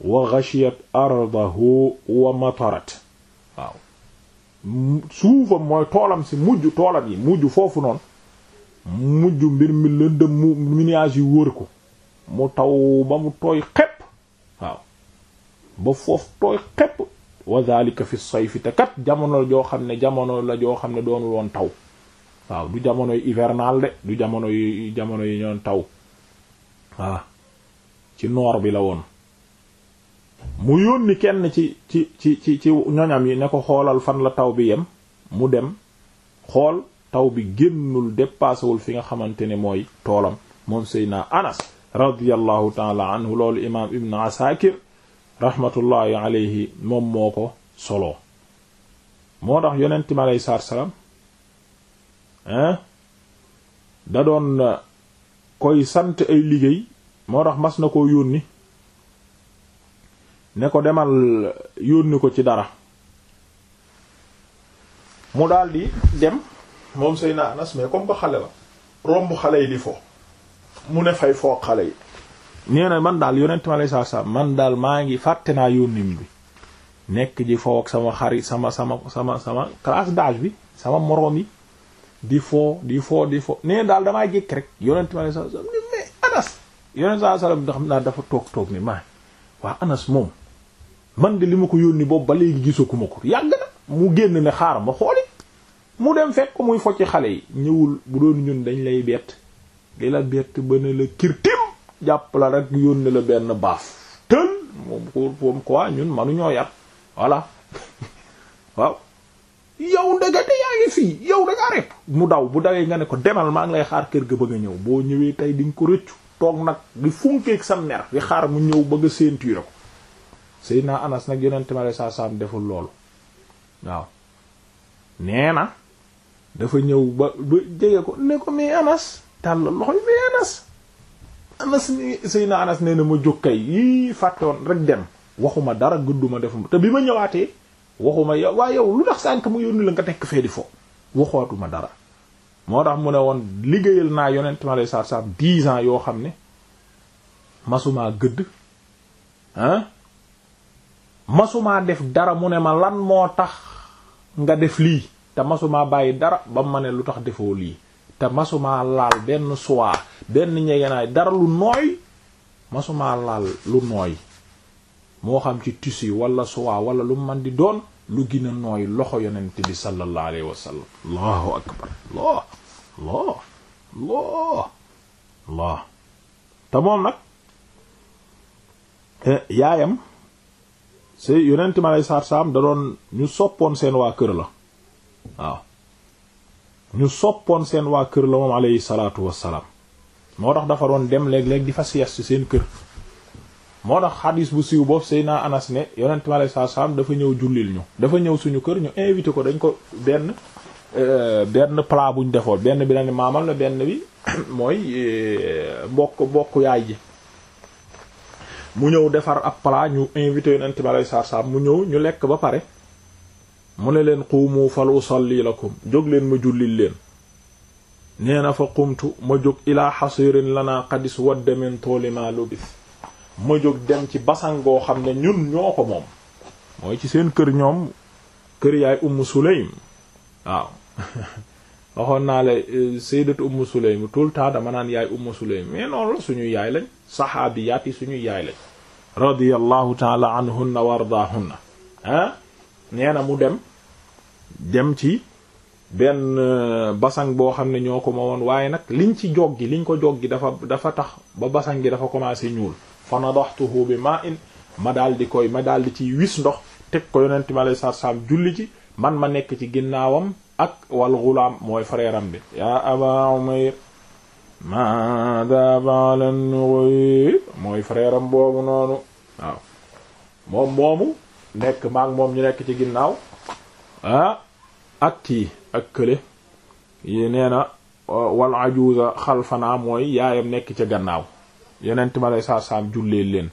wa ghashiyat ardahu wa matarat waaw suufam mooy toolam si mujj toolam yi mujj foofu noonu mujj mbir mi lëndëm mu nuages yi wër ko mu taw ba mu tooy xepp waaw ba foofu tooy xepp wa zalika fi sayfi kat jamono joo xam ne jamono la joo xam ne doonul woon taw waaw du jamonoy hivernal de du jamono yi jamono yi ñoon taw waaw ci noor bi la woon mu yónni kenn ci ci ci ci ci ñoñam yi ne ko xoolal fan la taw bi yem mu dem xool taw bi génnul dépassewul fi nga xamante ne mooy toolam moom Seydina Anas radiyallahu taala anhu loolu imaam Ibn Asakir rahmatullahi alayhi moom moo ko soloo moo tax yonent mi alayhi salaatu da doon koy sant ay liggéey moo tax mas na koo yónni ne ko demal yónni ko ci dara mu di dem moom Seydina Anas mais comme ko xale la romb xale yi di fo mu ne fay foo xale yi nee na man daal yonent mi alayhi salaam man daal maa ngi fàtte naa yónnim bi nekk ji foo ak sama xari sama sama sama sama classe d'âge bi sama moroom yi di foo di foo di foo nee daal damaa jékki rek yonent mi alayhi salaam ni mais Anas yonent mi alayhi salaam bi xam naa dafa toog toog ni maa waa Anas moom man de li ma ko yónni boobu ba léegi ma ko yàgg na mu génn ne xaar ma xooli mu dem fekk ko muy focc xale yi ñëwul bu doon ñun dañ lay bett li la bett ba ne la kirtim jàpp la rek yónni la benn baaf tël moom ko moom quoi ñun manuñoo yàpp voilà waaw yow ndegate yaa ngi fii yow da ngaa mu daw bu dawee nga ne ko demal maa ngi lay xaar kër gi bëgg a ñëw boo ñëwee tey di ko rëccu toog nag di funkeeg sa mer di xaar mu ñëw bëgg a séentuure ko naa Anas nag yonente ma lay saa saam deful loolu waaw nee na dafa ñëw ba ba jege ko ne ko mais Anas tàll loxo yi mais Anas Anas ni Seydina Anas nee na ma jóg kay yii fàttewoon rek dem waxuma dara gudduma defuma te bi ma ñëwaatee waxuma yow waa yow lu tax sànk mu yónni la nga tekk fee di fo waxootuma dara moo tax mu ne woon liggéeyal naa yonent ma lay saar saar dix yoo xam ne masumaa gëdd ah masumaa def dara mu ne ma lan moo tax nga def lii te masumaa bàyyi dara ba ma ne lu tax defoo lii te masumaa laal benn soie benn ñegenaay dara lu nooy masumaa laal lu nooy moo xam ci tissu wala soie wala lu man di doon lu gën a nooy loxo yonent bi sallallahu alayhi wa Allah Allah Allah te moom nag eh, yaayam c'est yonent ma lay saar saam da doon ñu soppoon seen waa kër la waaw ñu soppoon seen waa kër la moom alayhi salaatu wassalaam moo tax dafa doon dem léeg-léeg di fa sieste seen kër moo tax xadis bu siiw boobu Seydina Anas ne yonent ma lay saar saam dafa ñëw jullil ñu dafa ñëw suñu kër ñu invité ko dañ ko benn Euh, benn plat buñ defoon benn bi la ne maamal la benn bi mooy mbokk euh, mbokk yaay ji mu ñëw defar ab plat ñu invité yonent bi alayhi mu ñëw ñu lekk ba pare mu ne leen quumu fal usalli lakum jóg leen ma jullil leen nee na fa qumtu ma jóg ilaa xasirin lana qadis wadda min tooli ma jóg dem ci basangoo xam ne ñun ñoo ko moom mooy ci seen kër ñoom kër yaay Umm Sulaym waaw waxoon naa la eh, sayyidatu ummu sulaym tout le temps dama naan yaay ummu sulaym mais noonu la suñuy yaay lañ saxaabiyaat yi suñuy yaay lañ radiyallahu taala anhunna wa ardaahunna ah nee na mu dem dem ci benn eh, basang boo xam ne ñoo ko ma woon waaye nag liñ ci joggi liñ ko joggi dafa dafa tax ba basang gi dafa commencé ñuul fa nadaxtuhu bi ma in ma daal di koy ma daal di ci wis ndox teg ko yonent ma alayhi salaam julli ci man ma nekk ci ginnaawam ak wal gulaam mooy frère am bi yaa aba umayr mada ba'lan nughayr mooy frère boobu noonu waaw moom moomu nekk maak moom nekk ci ginnaaw ah ak tii ak kële yi nee na wal ajuza xalfanaa mooy yaayam nekk ci gannaaw yeneen ma lay saa saam jullee leen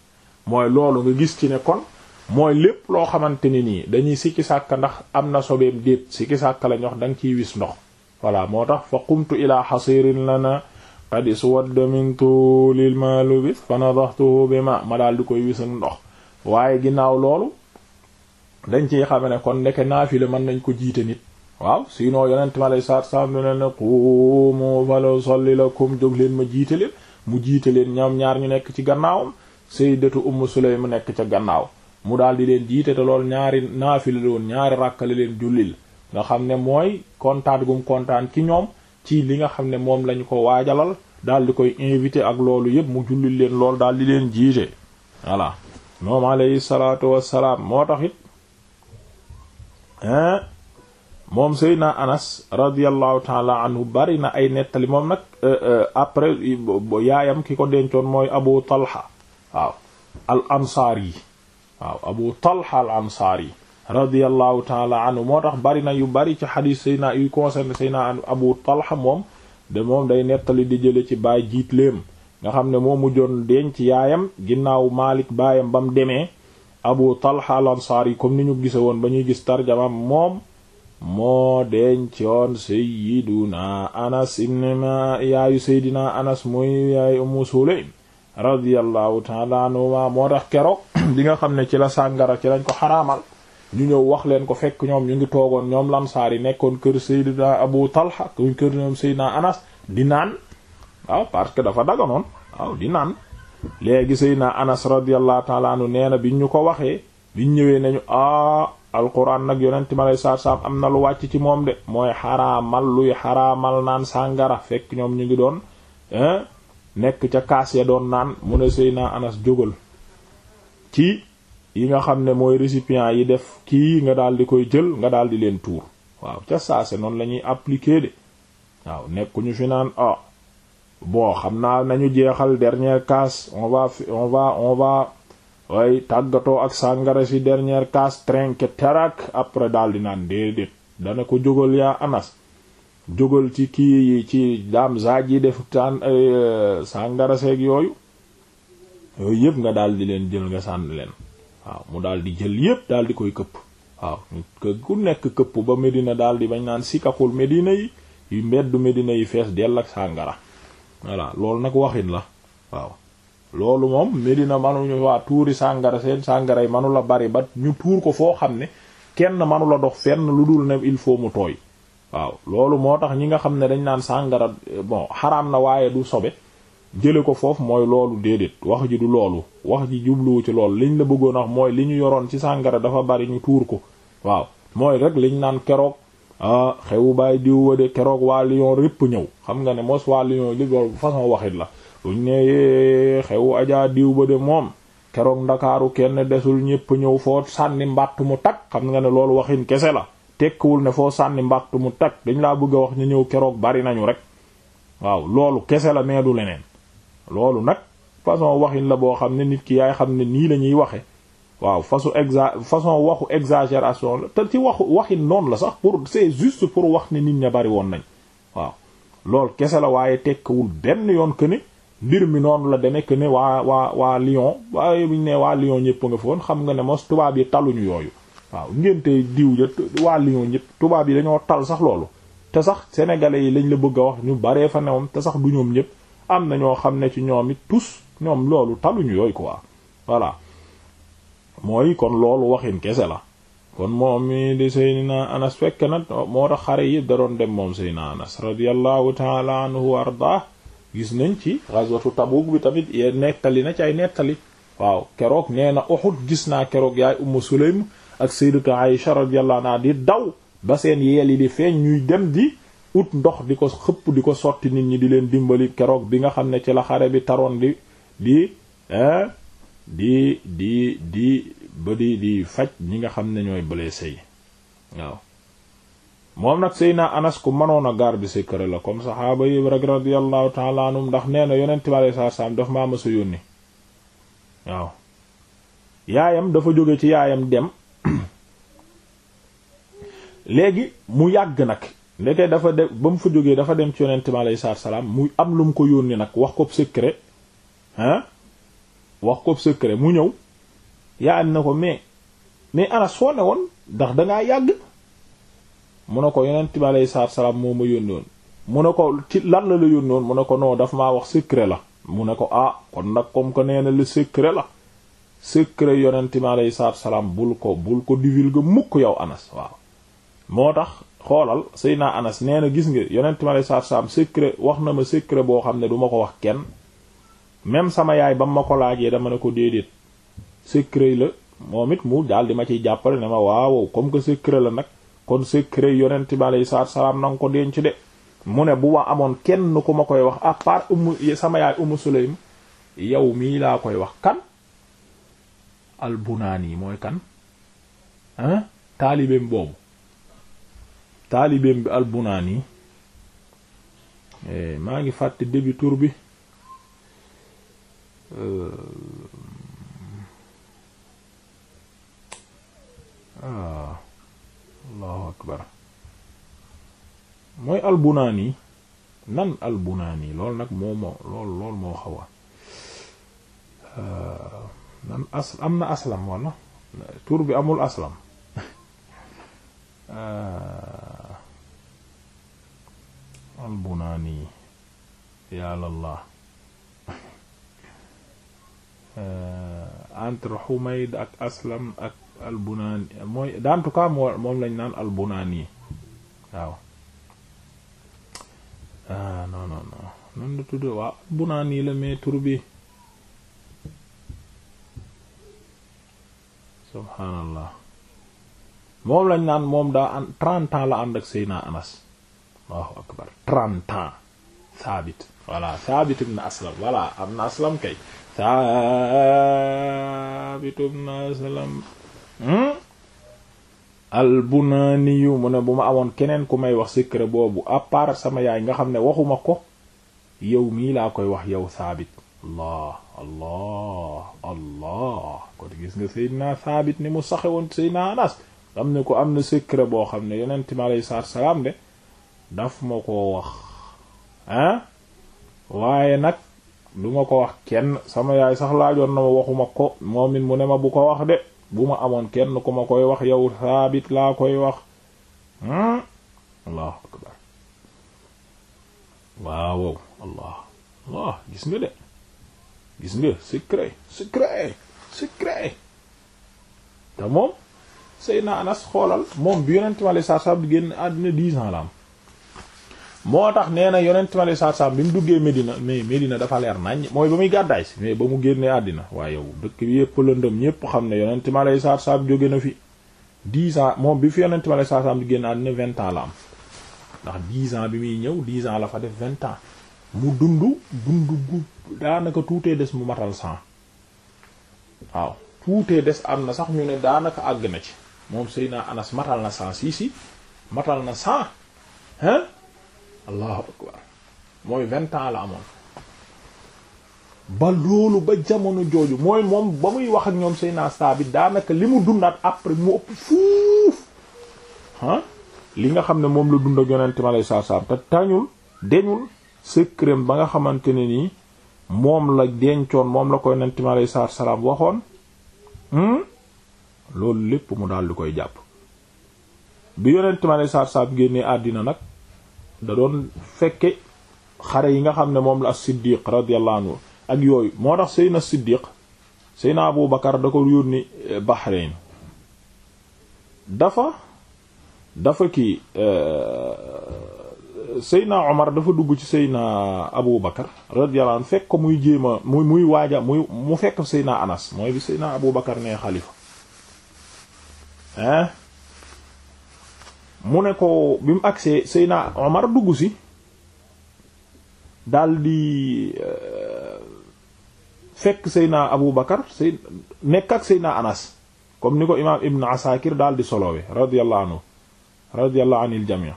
mooy loolu nga gis ci ne kon mooy lépp loo xamante ne nii dañuy sikki sàkka ndax am na sobeem déet sikki sàkka la ñox da nga wis ndox voilà moo tax fa qumtu ila xasirin lana qad iswadda min tuulil ma lubis fa nadahtuhu bi ma ma daal di koy wisu ndox waaye ginnaaw loolu dañ ciy xame ne kon ndeke naafile mën nañ ko jiite nit waaw sinon yonent ma lay saat saam ne ne qumu fala salli lakum jóg leen ma jiite leen mu jiite leen ñoom ñaar ñu nekk ci gannaawam sayyidatu ummu sulaym mu nekk ca gannaaw mu daal di leen jiite te loolu ñaari naafila la woon ñaari ràkkale leen jullil nga xam ne mooy kontaan gum kontaan ci ñoom ci li nga xam ne moom lañu ko waajalal daal di koy invité ak loolu yépp mu jullil leen lool daal di leen jiite voilà moom alayhi salaatu wassalaam moo tax it moom Seydina Anas radiyallahu taala anhu bari na ay nettali moom nag euh, euh, après yaayam ki ko dencoon mooy Abu Talha al ansaar yi waaw abu talha al ansaari radiallahu taala anhu moo tax bari na yu bari ci xadiis sayna yu concerne sayna abu talha moom de moom day nettali di jële ci baay jiitleem nga xam ne moo mujjoon denc yaayam ginnaaw maalik baayam ba mu demee abu talha al ansaari comme ni ñu gise woon ba ñuy gis tarjamam moom moo dencoon sayyiduna anas ibn ma yaayu sayyidina anas muy yaayu ummu sulaym radiyallahu taala anhuma moo tax keroog li nga xam ne ci la sàngara ci lañ ko xaraamal ñu ñëw wax leen ko fekk ñoom ñu ngi toogoon ñoom lansaar yi nekkoon kër Seydina Abu Talha kër ñoom Seydina Anas di naan waaw parce que dafa daganoon waaw di naan léegi Seydina Anas radiyallahu taala anhu bi ñu ko waxee biñ ñëwee nañu ah alquran nag yonent ma lay am na lu wàcc ci moom de mooy xaraamal luy xaraamal naan sàngara fekk ñoom ñu ngi doon nekk ca kaas ya doon naan mu ne Seyna Anas jógal ci yi nga xam ne mooy récipient yi def kii nga daal di koy jël nga daal di leen tuur waaw ca saase noonu la ñuy de waaw nekkuñu fi naan ah bon xam naa nañu jeexal dernière casse on va on va tàggatoo ak sàngara si dernière casse trinque tarak après daal di naan déedéet dana ko jógal yaa Anas jógal ci kii yi ci daam zaaj yi def taan euh, sàngara seeg yooyu yooyu yëpp nga daal di leen jël nga sànni leen waaw mu daal di jël yëpp daal di koy këpp waaw ku nekk këpp ba Medina daal di bañ naan sikakul Medina yi yu mbeddu Medina yi fees dell ak sàngara voilà loolu nag waxin la waaw loolu moom Medina manuñu waa tuuri sàngara seen sàngara yi manu la bari ba ñu tuur ko foo xam ne kenn manu la dox fenn lu dul ne il faut mu tooy waaw loolu moo tax ñi nga xam ne dañ naan sàngara bon xaraam na waaye du sobe jële ko foofu mooy loolu déedéet wax ji du loolu wax ji jubluwu ci loolu liñ la bëggoon wax mooy li ñu yoroon ci sàngara dafa bari ñu tuur ko waaw mooy rek liñ naan keroog ah xewu bàyyi diw wa de keroog waa Lyon répp ñëw xam nga ne mos waa Lyon li loolu façon waxit la buñ ne xewu ajaa diw ba de moom keroog ndakaaru kenn desul ñépp ñëw foo sànni mbàtt mu tag xam nga ne loolu waxin kese la tekkiwul ne foo sànni mbàttu mu takk dañ laa bëgg a wax ñu ñëw keroog bari nañu rek waaw loolu kese la meedu leneen loolu nag façon waxin la boo xam ne nit ki yaay xam ne nii la ñuy waxe waaw façon exa façon waxu exagération la te ci waxu waxin noonu la sax pour c'est juste pour wax ne nit ña bari woon nañ waaw loolu kese la waaye tekkiwul benn yoon que ne mbir mi noonu la deme que ne waa waa waa Lyon waaye bu ñu nee waa Lyon ñëpp nga fa xam nga ne mos tubaab yi taluñu yooyu waaw ngénte diw ja waa Lyon ñëpp tubaab yi dañoo tal sax loolu te sax sénégalais yi lañ la bëgg a wax ñu baree fa newoon te sax du ñoom ñëpp am na ñoo xam ne ci ñoom it tous ñoom loolu taluñu yooyu quoi voilà mooy kon loolu waxin kese la kon moom mi di Seydina Anas fekk na moo tax xare yi da doon dem moom Seydina Anas radiyallahu taala anhu wa arda gis nañ ci ghazwatu Tabuk bi tamit ye nettali na ci ay nettali waaw keroog nee na Uhud gis naa keroog yaay Ummu ak sayyidatu Aïsha radiyallahu anha di daw ba seen yeel yi di feeñ ñuy dem di ut ndox di ko xëpp di ko sotti nit ñi di leen dimbali keroog bi nga xam ne ci la xare bi taroon di di di di di ba di di faj ñi nga xam ne ñooy blessé yi waaw moom nag Seydina Anas ku mënoon a garder secret la comme saxaaba yi rek radiyallahu ta'ala anhum ndax nee na yonent bi alayhi salaam daf maa mësa yónni waaw yaayam dafa jóge ci yaayam dem léegi mu yàgg nag ndeke dafa de ba mu fa jógee dafa dem ci yonent mi alayhi salaam mu am lu mu ko yónni nag wax ko secret hein wax ko secret mu ñëw yaa am na ko mais mais Anas foo ne woon ndax dangaa yàgg mu ne ko yonent mi alayhi salaatu salaam moo ma yónni woon mu ne ko ci lan la la yónni woon mu ne ko non dafa maa wax secret la mu ne ko ah kon nag comme que nee na le secret la secret yonent mi alayhi salaatu salaam bul ko bul ko divulguer mukk yow Anas moo tax xoolal naa Anas nee na gis nga yonent ma lay saam secret wax na ma secret boo xam ne duma ko wax kenn même sama yaay ba mu ma ko laajee dama ne ko déedéet secret la moom it mu daal di ma ciy jàppale ne ma waaw comme que secret la nag kon secret yonent ma lay saam na nga ko denc de mu ne bu ma amoon kenn ko ma koy wax à part umm, sama yaay Umu Sulaym yow mii laa koy wax kan albunaani mooy kan ah taalibeem boobu. taalibeem bi albunaani eh, maa ngi fàtte début tur bi euh, ah, allahu akbar mooy albunaani nan albunaani lool nag moo moo lool lool moo xawa euh, nan as am na aslam wala tur bi amul aslam euh, rabbunaa nii yàllallah eh, entre Humayd ak Aslam ak al-Bunani mooy en tout moom lañ naan al-Bunani waaw ah non non non nan la tudd waaw al-Bunani la mais bi subhaanallah moom lañ naan moom daa an trente la ànd ak Seyna Anas Allahu akbar trente ans Saabit voilà Saabit ibn Aslam voilà am na Aslam kay Saabit ibn Aslam hmm? al-Bunaniyu mu ne bu ma amoon keneen ku may wax secret boobu à part sama yaay nga xam ne waxuma ko yow mii laa koy wax yow Saabit allah allah allah kon gis nga Seydina Saabit ni mu saxewoon Seydina Anas am ne ko am na secret boo xam ne yonent mi alayhi salaam de daf ma ko wax ah waaye nag duma ko wax kenn sama yaay sax laajoon na ma waxuma ko moom it mu ne ma bu ko wax de bu ma amoon kenn ku ma koy wax yow saabit laa koy wax hmm allahu allah allah gis nga de gis nga secret secret secret te moom Seydina Anas xoolal moom bi yonent mi aleyhi salaatu salaam génn àddina dix ans la am moo tax nee na yonent ma lay sarsam bi mu duggee Medina mais Medina dafa leer naññ mooy ba muy gàddaay si mais ba mu génnee àddina waaye yow dëkk bi yëpp lëndëm ñëpp xam ne yonent ma lay sarsam jóge na fi dix ans moom bi fi yonent ma lay sarsam di génn àddina vingt la am ndax dix ans bi muy ñëw dix ans la fa def vingt ans mu dund dund gu daanaka tuutee des mu matal cent waaw tuutee des am na sax ñu ne daanaka àgg na ci moom Seydina Anas matal na cent si si matal na cent allahu akbar mooy vingt ans la amoon ba loolu ba jamono jooju mooy moom ba muy wax ak ñoom Seydina Saabit daanaka li mu dundaat après mu ëpp fuuf li nga xam ne moom la dund ak yonente mi alei saatu te tañul deñul secret ba nga xamante ne nii moom la dencoon moom la ko yonente mi alei saatu salaam waxoon hmm? loolu lépp mu daal di koy jàpp bi yonente mi alei saatu salaam génnee àddina nag da doon fekke xare yi nga xam ne moom la as-Siddiq radiyallahu ak yooyu moo tax Seydina Siddiq Seydina Abu Bakar da ko yónni eh, Bahrain dafa dafa kii eh, Seydina Omar dafa dugg ci Seydina Abu Bakar radiyallahu anhu fekk ko muy jéem a muy muy waaja mu fekk seyna Anas mooy bi Seydina Abu Bakar nee xalifa hein mu ne ko bi mu agsee Seyna Omar dugg si di euh, fekk Seyna Abu Bakar Sey nekk ak Seyna Anas comme ni ko imaam Ibn Asakir daldi solowee radiyallahu anhu radiyallahu anil jami'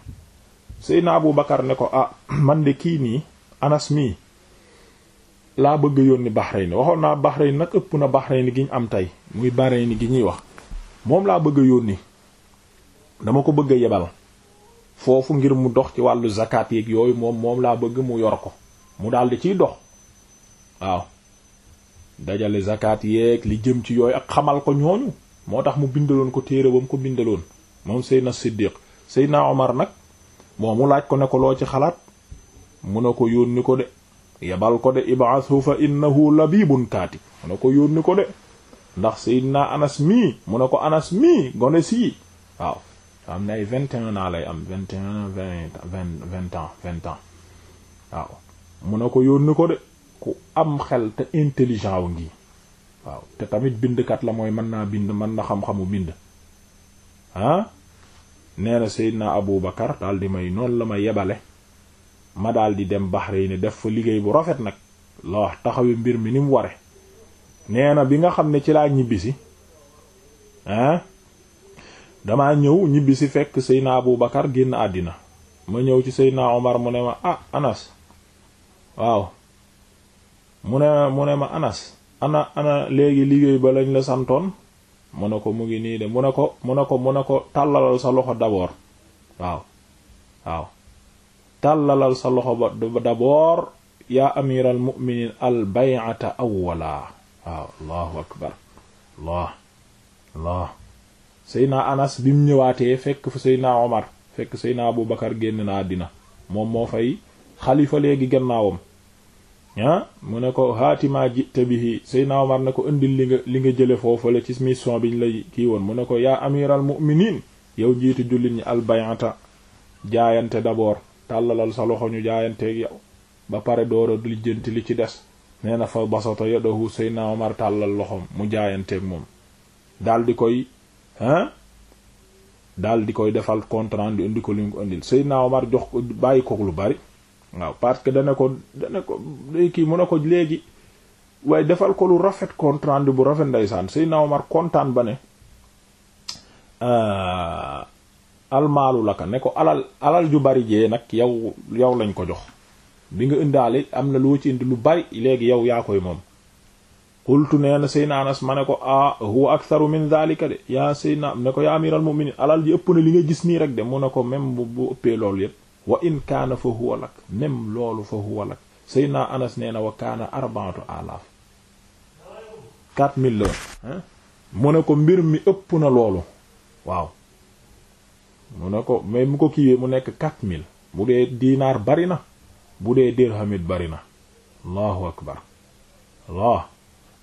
Seyna Abu Bakar ne ko ah man de kii nii Anas mii laa bëgg yónni Bahrain waxoon naa Bahrain nag ëpp na Bahrain gi ñu am tey muy Bahrain gi ñuy wax moom laa bëgg a yónni dama ko bëgg yebal foofu ngir mu dox ci wàllu zakat yeeg yooyu moom moom laa bëgg mu yor ko mu daal di ciy dox waaw dajale zakat yeeg li jëm ci yooyu ak xamal ko ñooñu moo tax mu bindaloon ko téere ba mu ko bindaloon moom Seydina Siddiq Seydina Omar nag moo mu laaj ko ne loo ci xalaat mu ne ko yónni ko de yebal ko de ib'athu fa innahu labibun kaatib mu ne ko yónni ko de ndax Seydina Anas mii mu ne ko Anas mii gone sii waaw am na ay vingt et un ans lay am vingt et un vingt vingt vingt ans vingt ans waaw mun na ko yónni ko de ku am xel te intelligent wu ngi waaw te tamit bindkat la mooy mën naa bind mën na xam-xamu bind ah nee na Seydina Abu Bakar daal di may noonu la ma yebale ma daal di dem Bahrain def fa liggéey bu rafet nag la wax taxawi mbir mi ni mu ware nee na bi nga xam ne ci laa ñibbisi ah damaa ñëw ñibbi si fekk Seydina Abu Bakar génn àddina ma ñëw ci Seydina Omar mu ne ma ah Anas waaw mu ne mu ne ma Anas ana ana léegi liggéey ba lañ la santoon mu ne ko mu ngi nii de mu ne ko mu ne ko mu ne ko tàllalal sa loxo d'abord waaw waaw tàllalal sa loxo ba d'abord yaa amiral mu'minin al bay'ata awwala waaw allahu akbar allah Seydina Anas bi mu ñëwaatee fekk fa Seydina Omar fekk Seydina Abu Bakar génn na àddina moom moo fay xalifa léegi gannaawam ah, mu ne ko haatima jita bihi Seydina Omar ne ko indi li nga li nga jële foofale ci mission biñ lay kii woon mu ne ko yaa amiral mu'minin yow jiitu jullit ñi albayanta jaayante d'abord tàllalal sa loxo ñu jaayanteeg yow ba pare door a lijjanti li ci des nee na fa basata yadahu Seydina Omar tàllal loxom mu jaayanteeg moom daldi koy ah daal di koy defal compte rendu indi ko li ñu ko indil Seydina Omar jox ko bàyyi ko lu bari waaw parce que dana ko dana ko kii mën na ko léegi waaye defal ko lu rafet compte rendu bu rafet ndeysaan Seydina Omar kontaan ba ne euh, almaalu la ka ne ko alal alal ju bari jee nag yow yow lañ ko jox bi nga indaale am na lu ci indi lu bari léegi yow yaa koy moom qultu nee na Seydina Anas ma ne ko a ah, huwa aktharu min dhalika de yaa Seydina ne ko yaa amiral mu'minin alal ji ëpp na li nga gis nii rek de mu ne ko même bu bu ëppee loolu yépp wa in kaana fa huwa lak même loolu fa huwa lak Seydina Anas nee na wa kaana arba'atu alaaf mu ne ko mbir mi ëpp na loolu waaw mu ne ko mais mu ko kiiwee mu nekk 4000 bu dee dinaar bari na bu dee dirhamit bari na allahu akbar allah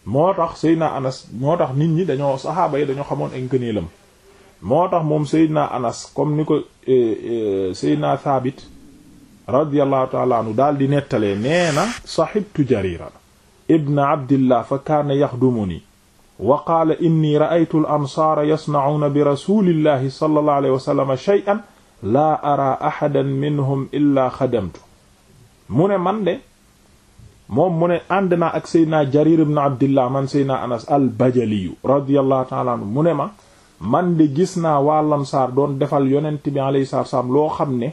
moo tax Seydina Anas moo tax nit ñi dañoo saxaaba yi dañoo xamoon ay ngëneelam moo tax moom Seydina Anas comme ni ko eh, eh, Seydina Thabit radiyallahu taala anhu daal di nettalee nee na sahibtu Jarira ibn Abdillah fa kaana yaxdumuni wa qaala inni ra'aytu al-ansaara yasna'uuna bi rasuulillahi sallallahu alayhi wa sallam shay'an laa araa minhum illaa xadamtu man moom mu ne ànd naa ak seydna jarir ibn abdillah man seydna anas al bajaliyu radiallahu taala mu ne ma man di gis naa waa saar doon defal yonent bi alayhi salaatu salaam loo xam ne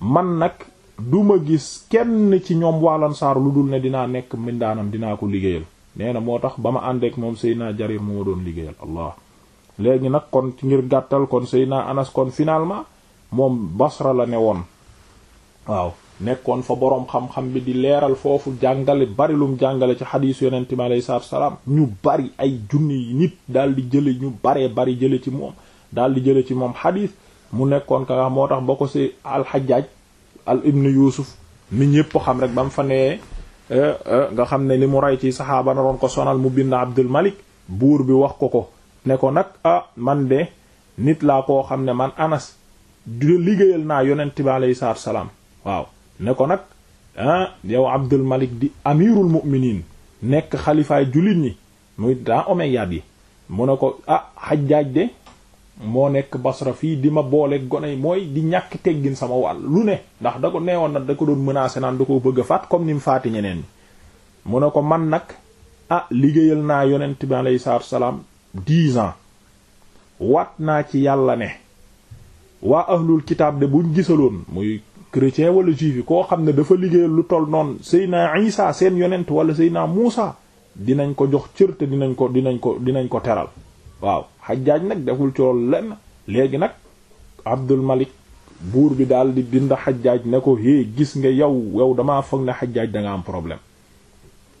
man nag duma gis kenn ci ñoom waa saar lu dul ne dinaa nekk mbindaanam dinaa ko liggéeyal nee na moo tax ba ma àndeek moom seydna jarir moo ma doon liggéeyal allah léegi nag kon ci ngir gàttal kon seydna anas kon finalement moom basra la ne woon waaw nekkoon fa boroom xam-xam bi di leeral foofu jàngale bari lum jàngale ci xadiis yonent bi alayhi salaatu salaam ñu bari ay junni nit daal di jële ñu baree bari jële ci moom daal di jële ci moom xadiis mu nekkoon ka nga moo tax ba ko ci alxajaaj al ibnu yuusuf mi ñépp xam rek ba mu fa nee eh, eh, nga xam ne li mu rey ci saxaaba na ko sonal mu bind abdul malik buur bi wax ko ko ne ko nag ah man de nit laa koo xam ne man anas du liggéeyal naa yonent bi alayhi salaatu salaam waaw ne ko nag ah yow Abdul Malik di amirul mu'minin nekk xalifaay jullit ñi muy dans omeyyade yi mu ne ko ah xajjaaj de moo nekk Basra fii di ma boole gone yi mooy di ñàkk teggin sama wàll lu ne ndax da ko neewoon na da ko doon menacer naan da ko bëgg a faat comme ni mu faati ñeneen ñi mu ne ko man nag ah liggéeyal naa yonent bi alayhi salaam dix ans wat naa ci yàlla ne waa ahlul kitaab de buñ gisaloon muy chrétien wala juif yi koo xam ne dafa liggéeyal lu toll noonu Seydina Isa seen yonent wala Seydina Muusa dinañ ko jox cër te dinañ ko dinañ ko dinañ ko teral waaw xajjaaj nag deful ci loolu lenn léegi nag Abdul Malik buur bi daal di bind xajjaaj ne ko hé gis nga yow yow damaa foog ne xajjaaj da nga am problème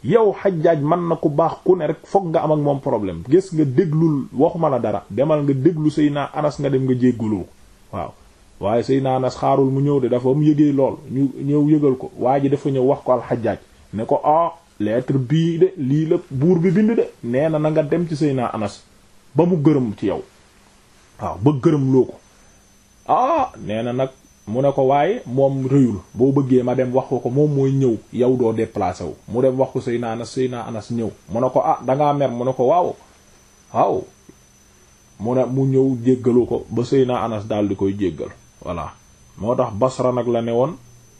yow xajjaaj man na ku baax ku ne rek foog nga am ak moom problème gis nga déglul waxuma la dara demal nga déglu sëy naa Anas nga dem nga jégguloo waaw waaye Seydina Anas xaarul mu ñëw de dafa mu yëgee lool ñu ñëw yëgal ko waa ji dafa ñëw wax ko alxajaaj ne ko ah lettre bii de lii la buur bi bind de nee na na nga dem ci Seydina Anas ba mu gërëm ci yow waaw ba gërëm loo ko ah nee na nag mu ne ko waaye moom réyul boo bëggee ma dem wax ko ko moom mooy ñëw yow doo déplacé wu mu dem wax ko Seydina Anas Seydina Anas ñëw mu ne ko ah dangaa mer mu ne ko waaw waaw mu ne mu ñëw jéggalu ko ba Seydina Anas daal di koy jéggal voilà moo tax basra nag la ne woon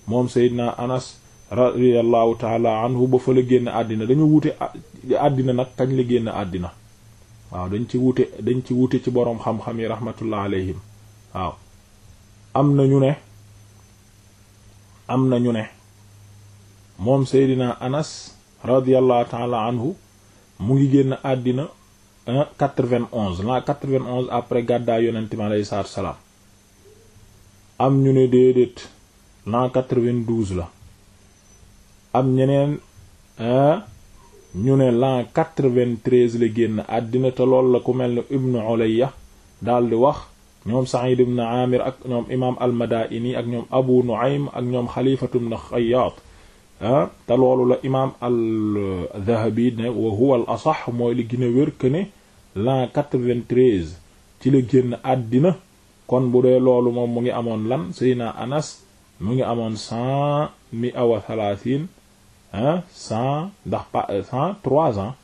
moom Seydina Anas radiyallahu taala anhu ba fa la génn àddina dañu wuute àddina nag kañ la génn àddina waaw dañ ci wuute dañ ci wuute ci boroom xam-xam yi rahmatullah alayhim waaw am na ñu ne am na ñu ne moom Seydina Anas radiyallahu taala anhu mu ngi génn àddina 91 la 91 après gàddaay yonente mi alayhi salaatu wa salaam am ñu ne déedéet l'an la am ñeneen ñu ne l'an 93 la génn àddina te lool la ku mel ne Ibnu Ulayya di wax ñoom Sa'id ibn Amir ak ñoom imaam al-Madaini ak ñoom Abu Nu'aym ak ñoom Xalifatu ibn Xayyaat te loolu la imaam al-Dhahabi ne wa huwa al-asah mooy li gën a wér ne l'an ci la génn àddina kon bu dee loolu moom mu ngi amoon lan naa Anas mu ngi amoon cent mi awa salasin ah cent ndax pa euh, cent trois ans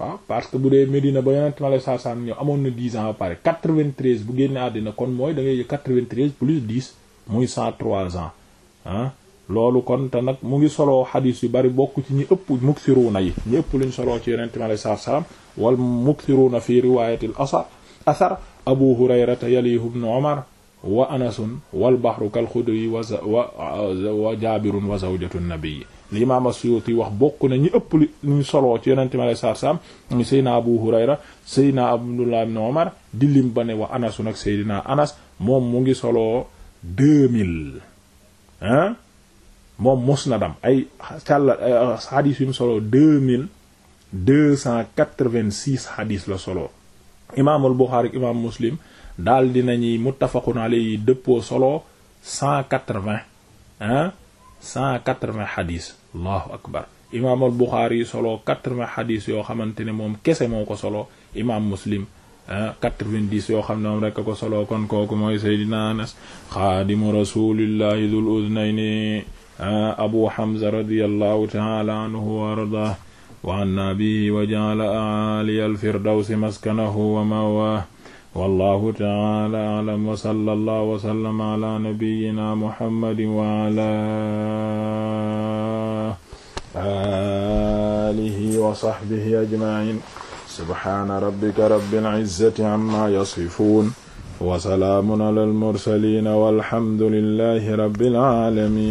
waaw parce que bu dee Medina ba yonent ma lay saa saa ñëw amoon na dix ans ba pare quatre-vingt-treize bu génne àddina kon mooy da ngay quatre-vingt-treize plus dix muy cent trois ans ah loolu kon te nag mu ngi soloo xadiis yu bari bokk ci ñu ëpp muksiruuna yi ñi ëpp luñ soloo ci yonent ma lay saa saa wal muksiruuna fi riwaayatil asar asar abu hurayrata yalihu bnu omar wa anasun walbahru kalxudri wa wa jaabirun wa zawjatu nabii li imaam as-Suyuti wax bokk nañu ëpp li ñu soloo ci yonente mi alei satu salaam ñu seydna abu hurayra seydna abdullah ibn omar di lim ba ne wa anasun ak seydna anas moom mu ngi soloo 2000 hein moom musnadam ay càlla xadis solo mu soloo 2286 xadis la solo imaamul Buxaari ak imaam Muslim daal dinañuy muttafaqun alayhi dëppoo solo cent quatre-vingts ah cent quatre-vingts xadiis allahu akbar imaamul Buxaari solo quatre-vingts xadiis yoo xamante ne moom kese moo ko solo imaam Muslim ah quatre-vingt-dix yoo xam ne moom rekk ko solo kon kooku mooy Seydina Anas xaadimu rasulillahi dul uznayni Abu Hamza radiyallahu taala anhu wa ardah wa anna bihi wa ja'ala a'aliya al-firdawsi maskanahu wa ma'waahu wallahu ta'ala a'lam wa sallallahu wa sallama ala nabiyyina muhammadin wa ala alihi wa sahbihi ajma'in subhana rabbika rabbil izzati amma yasifun wa salaamun ala al-mursalin walhamdulillahi rabbil alamin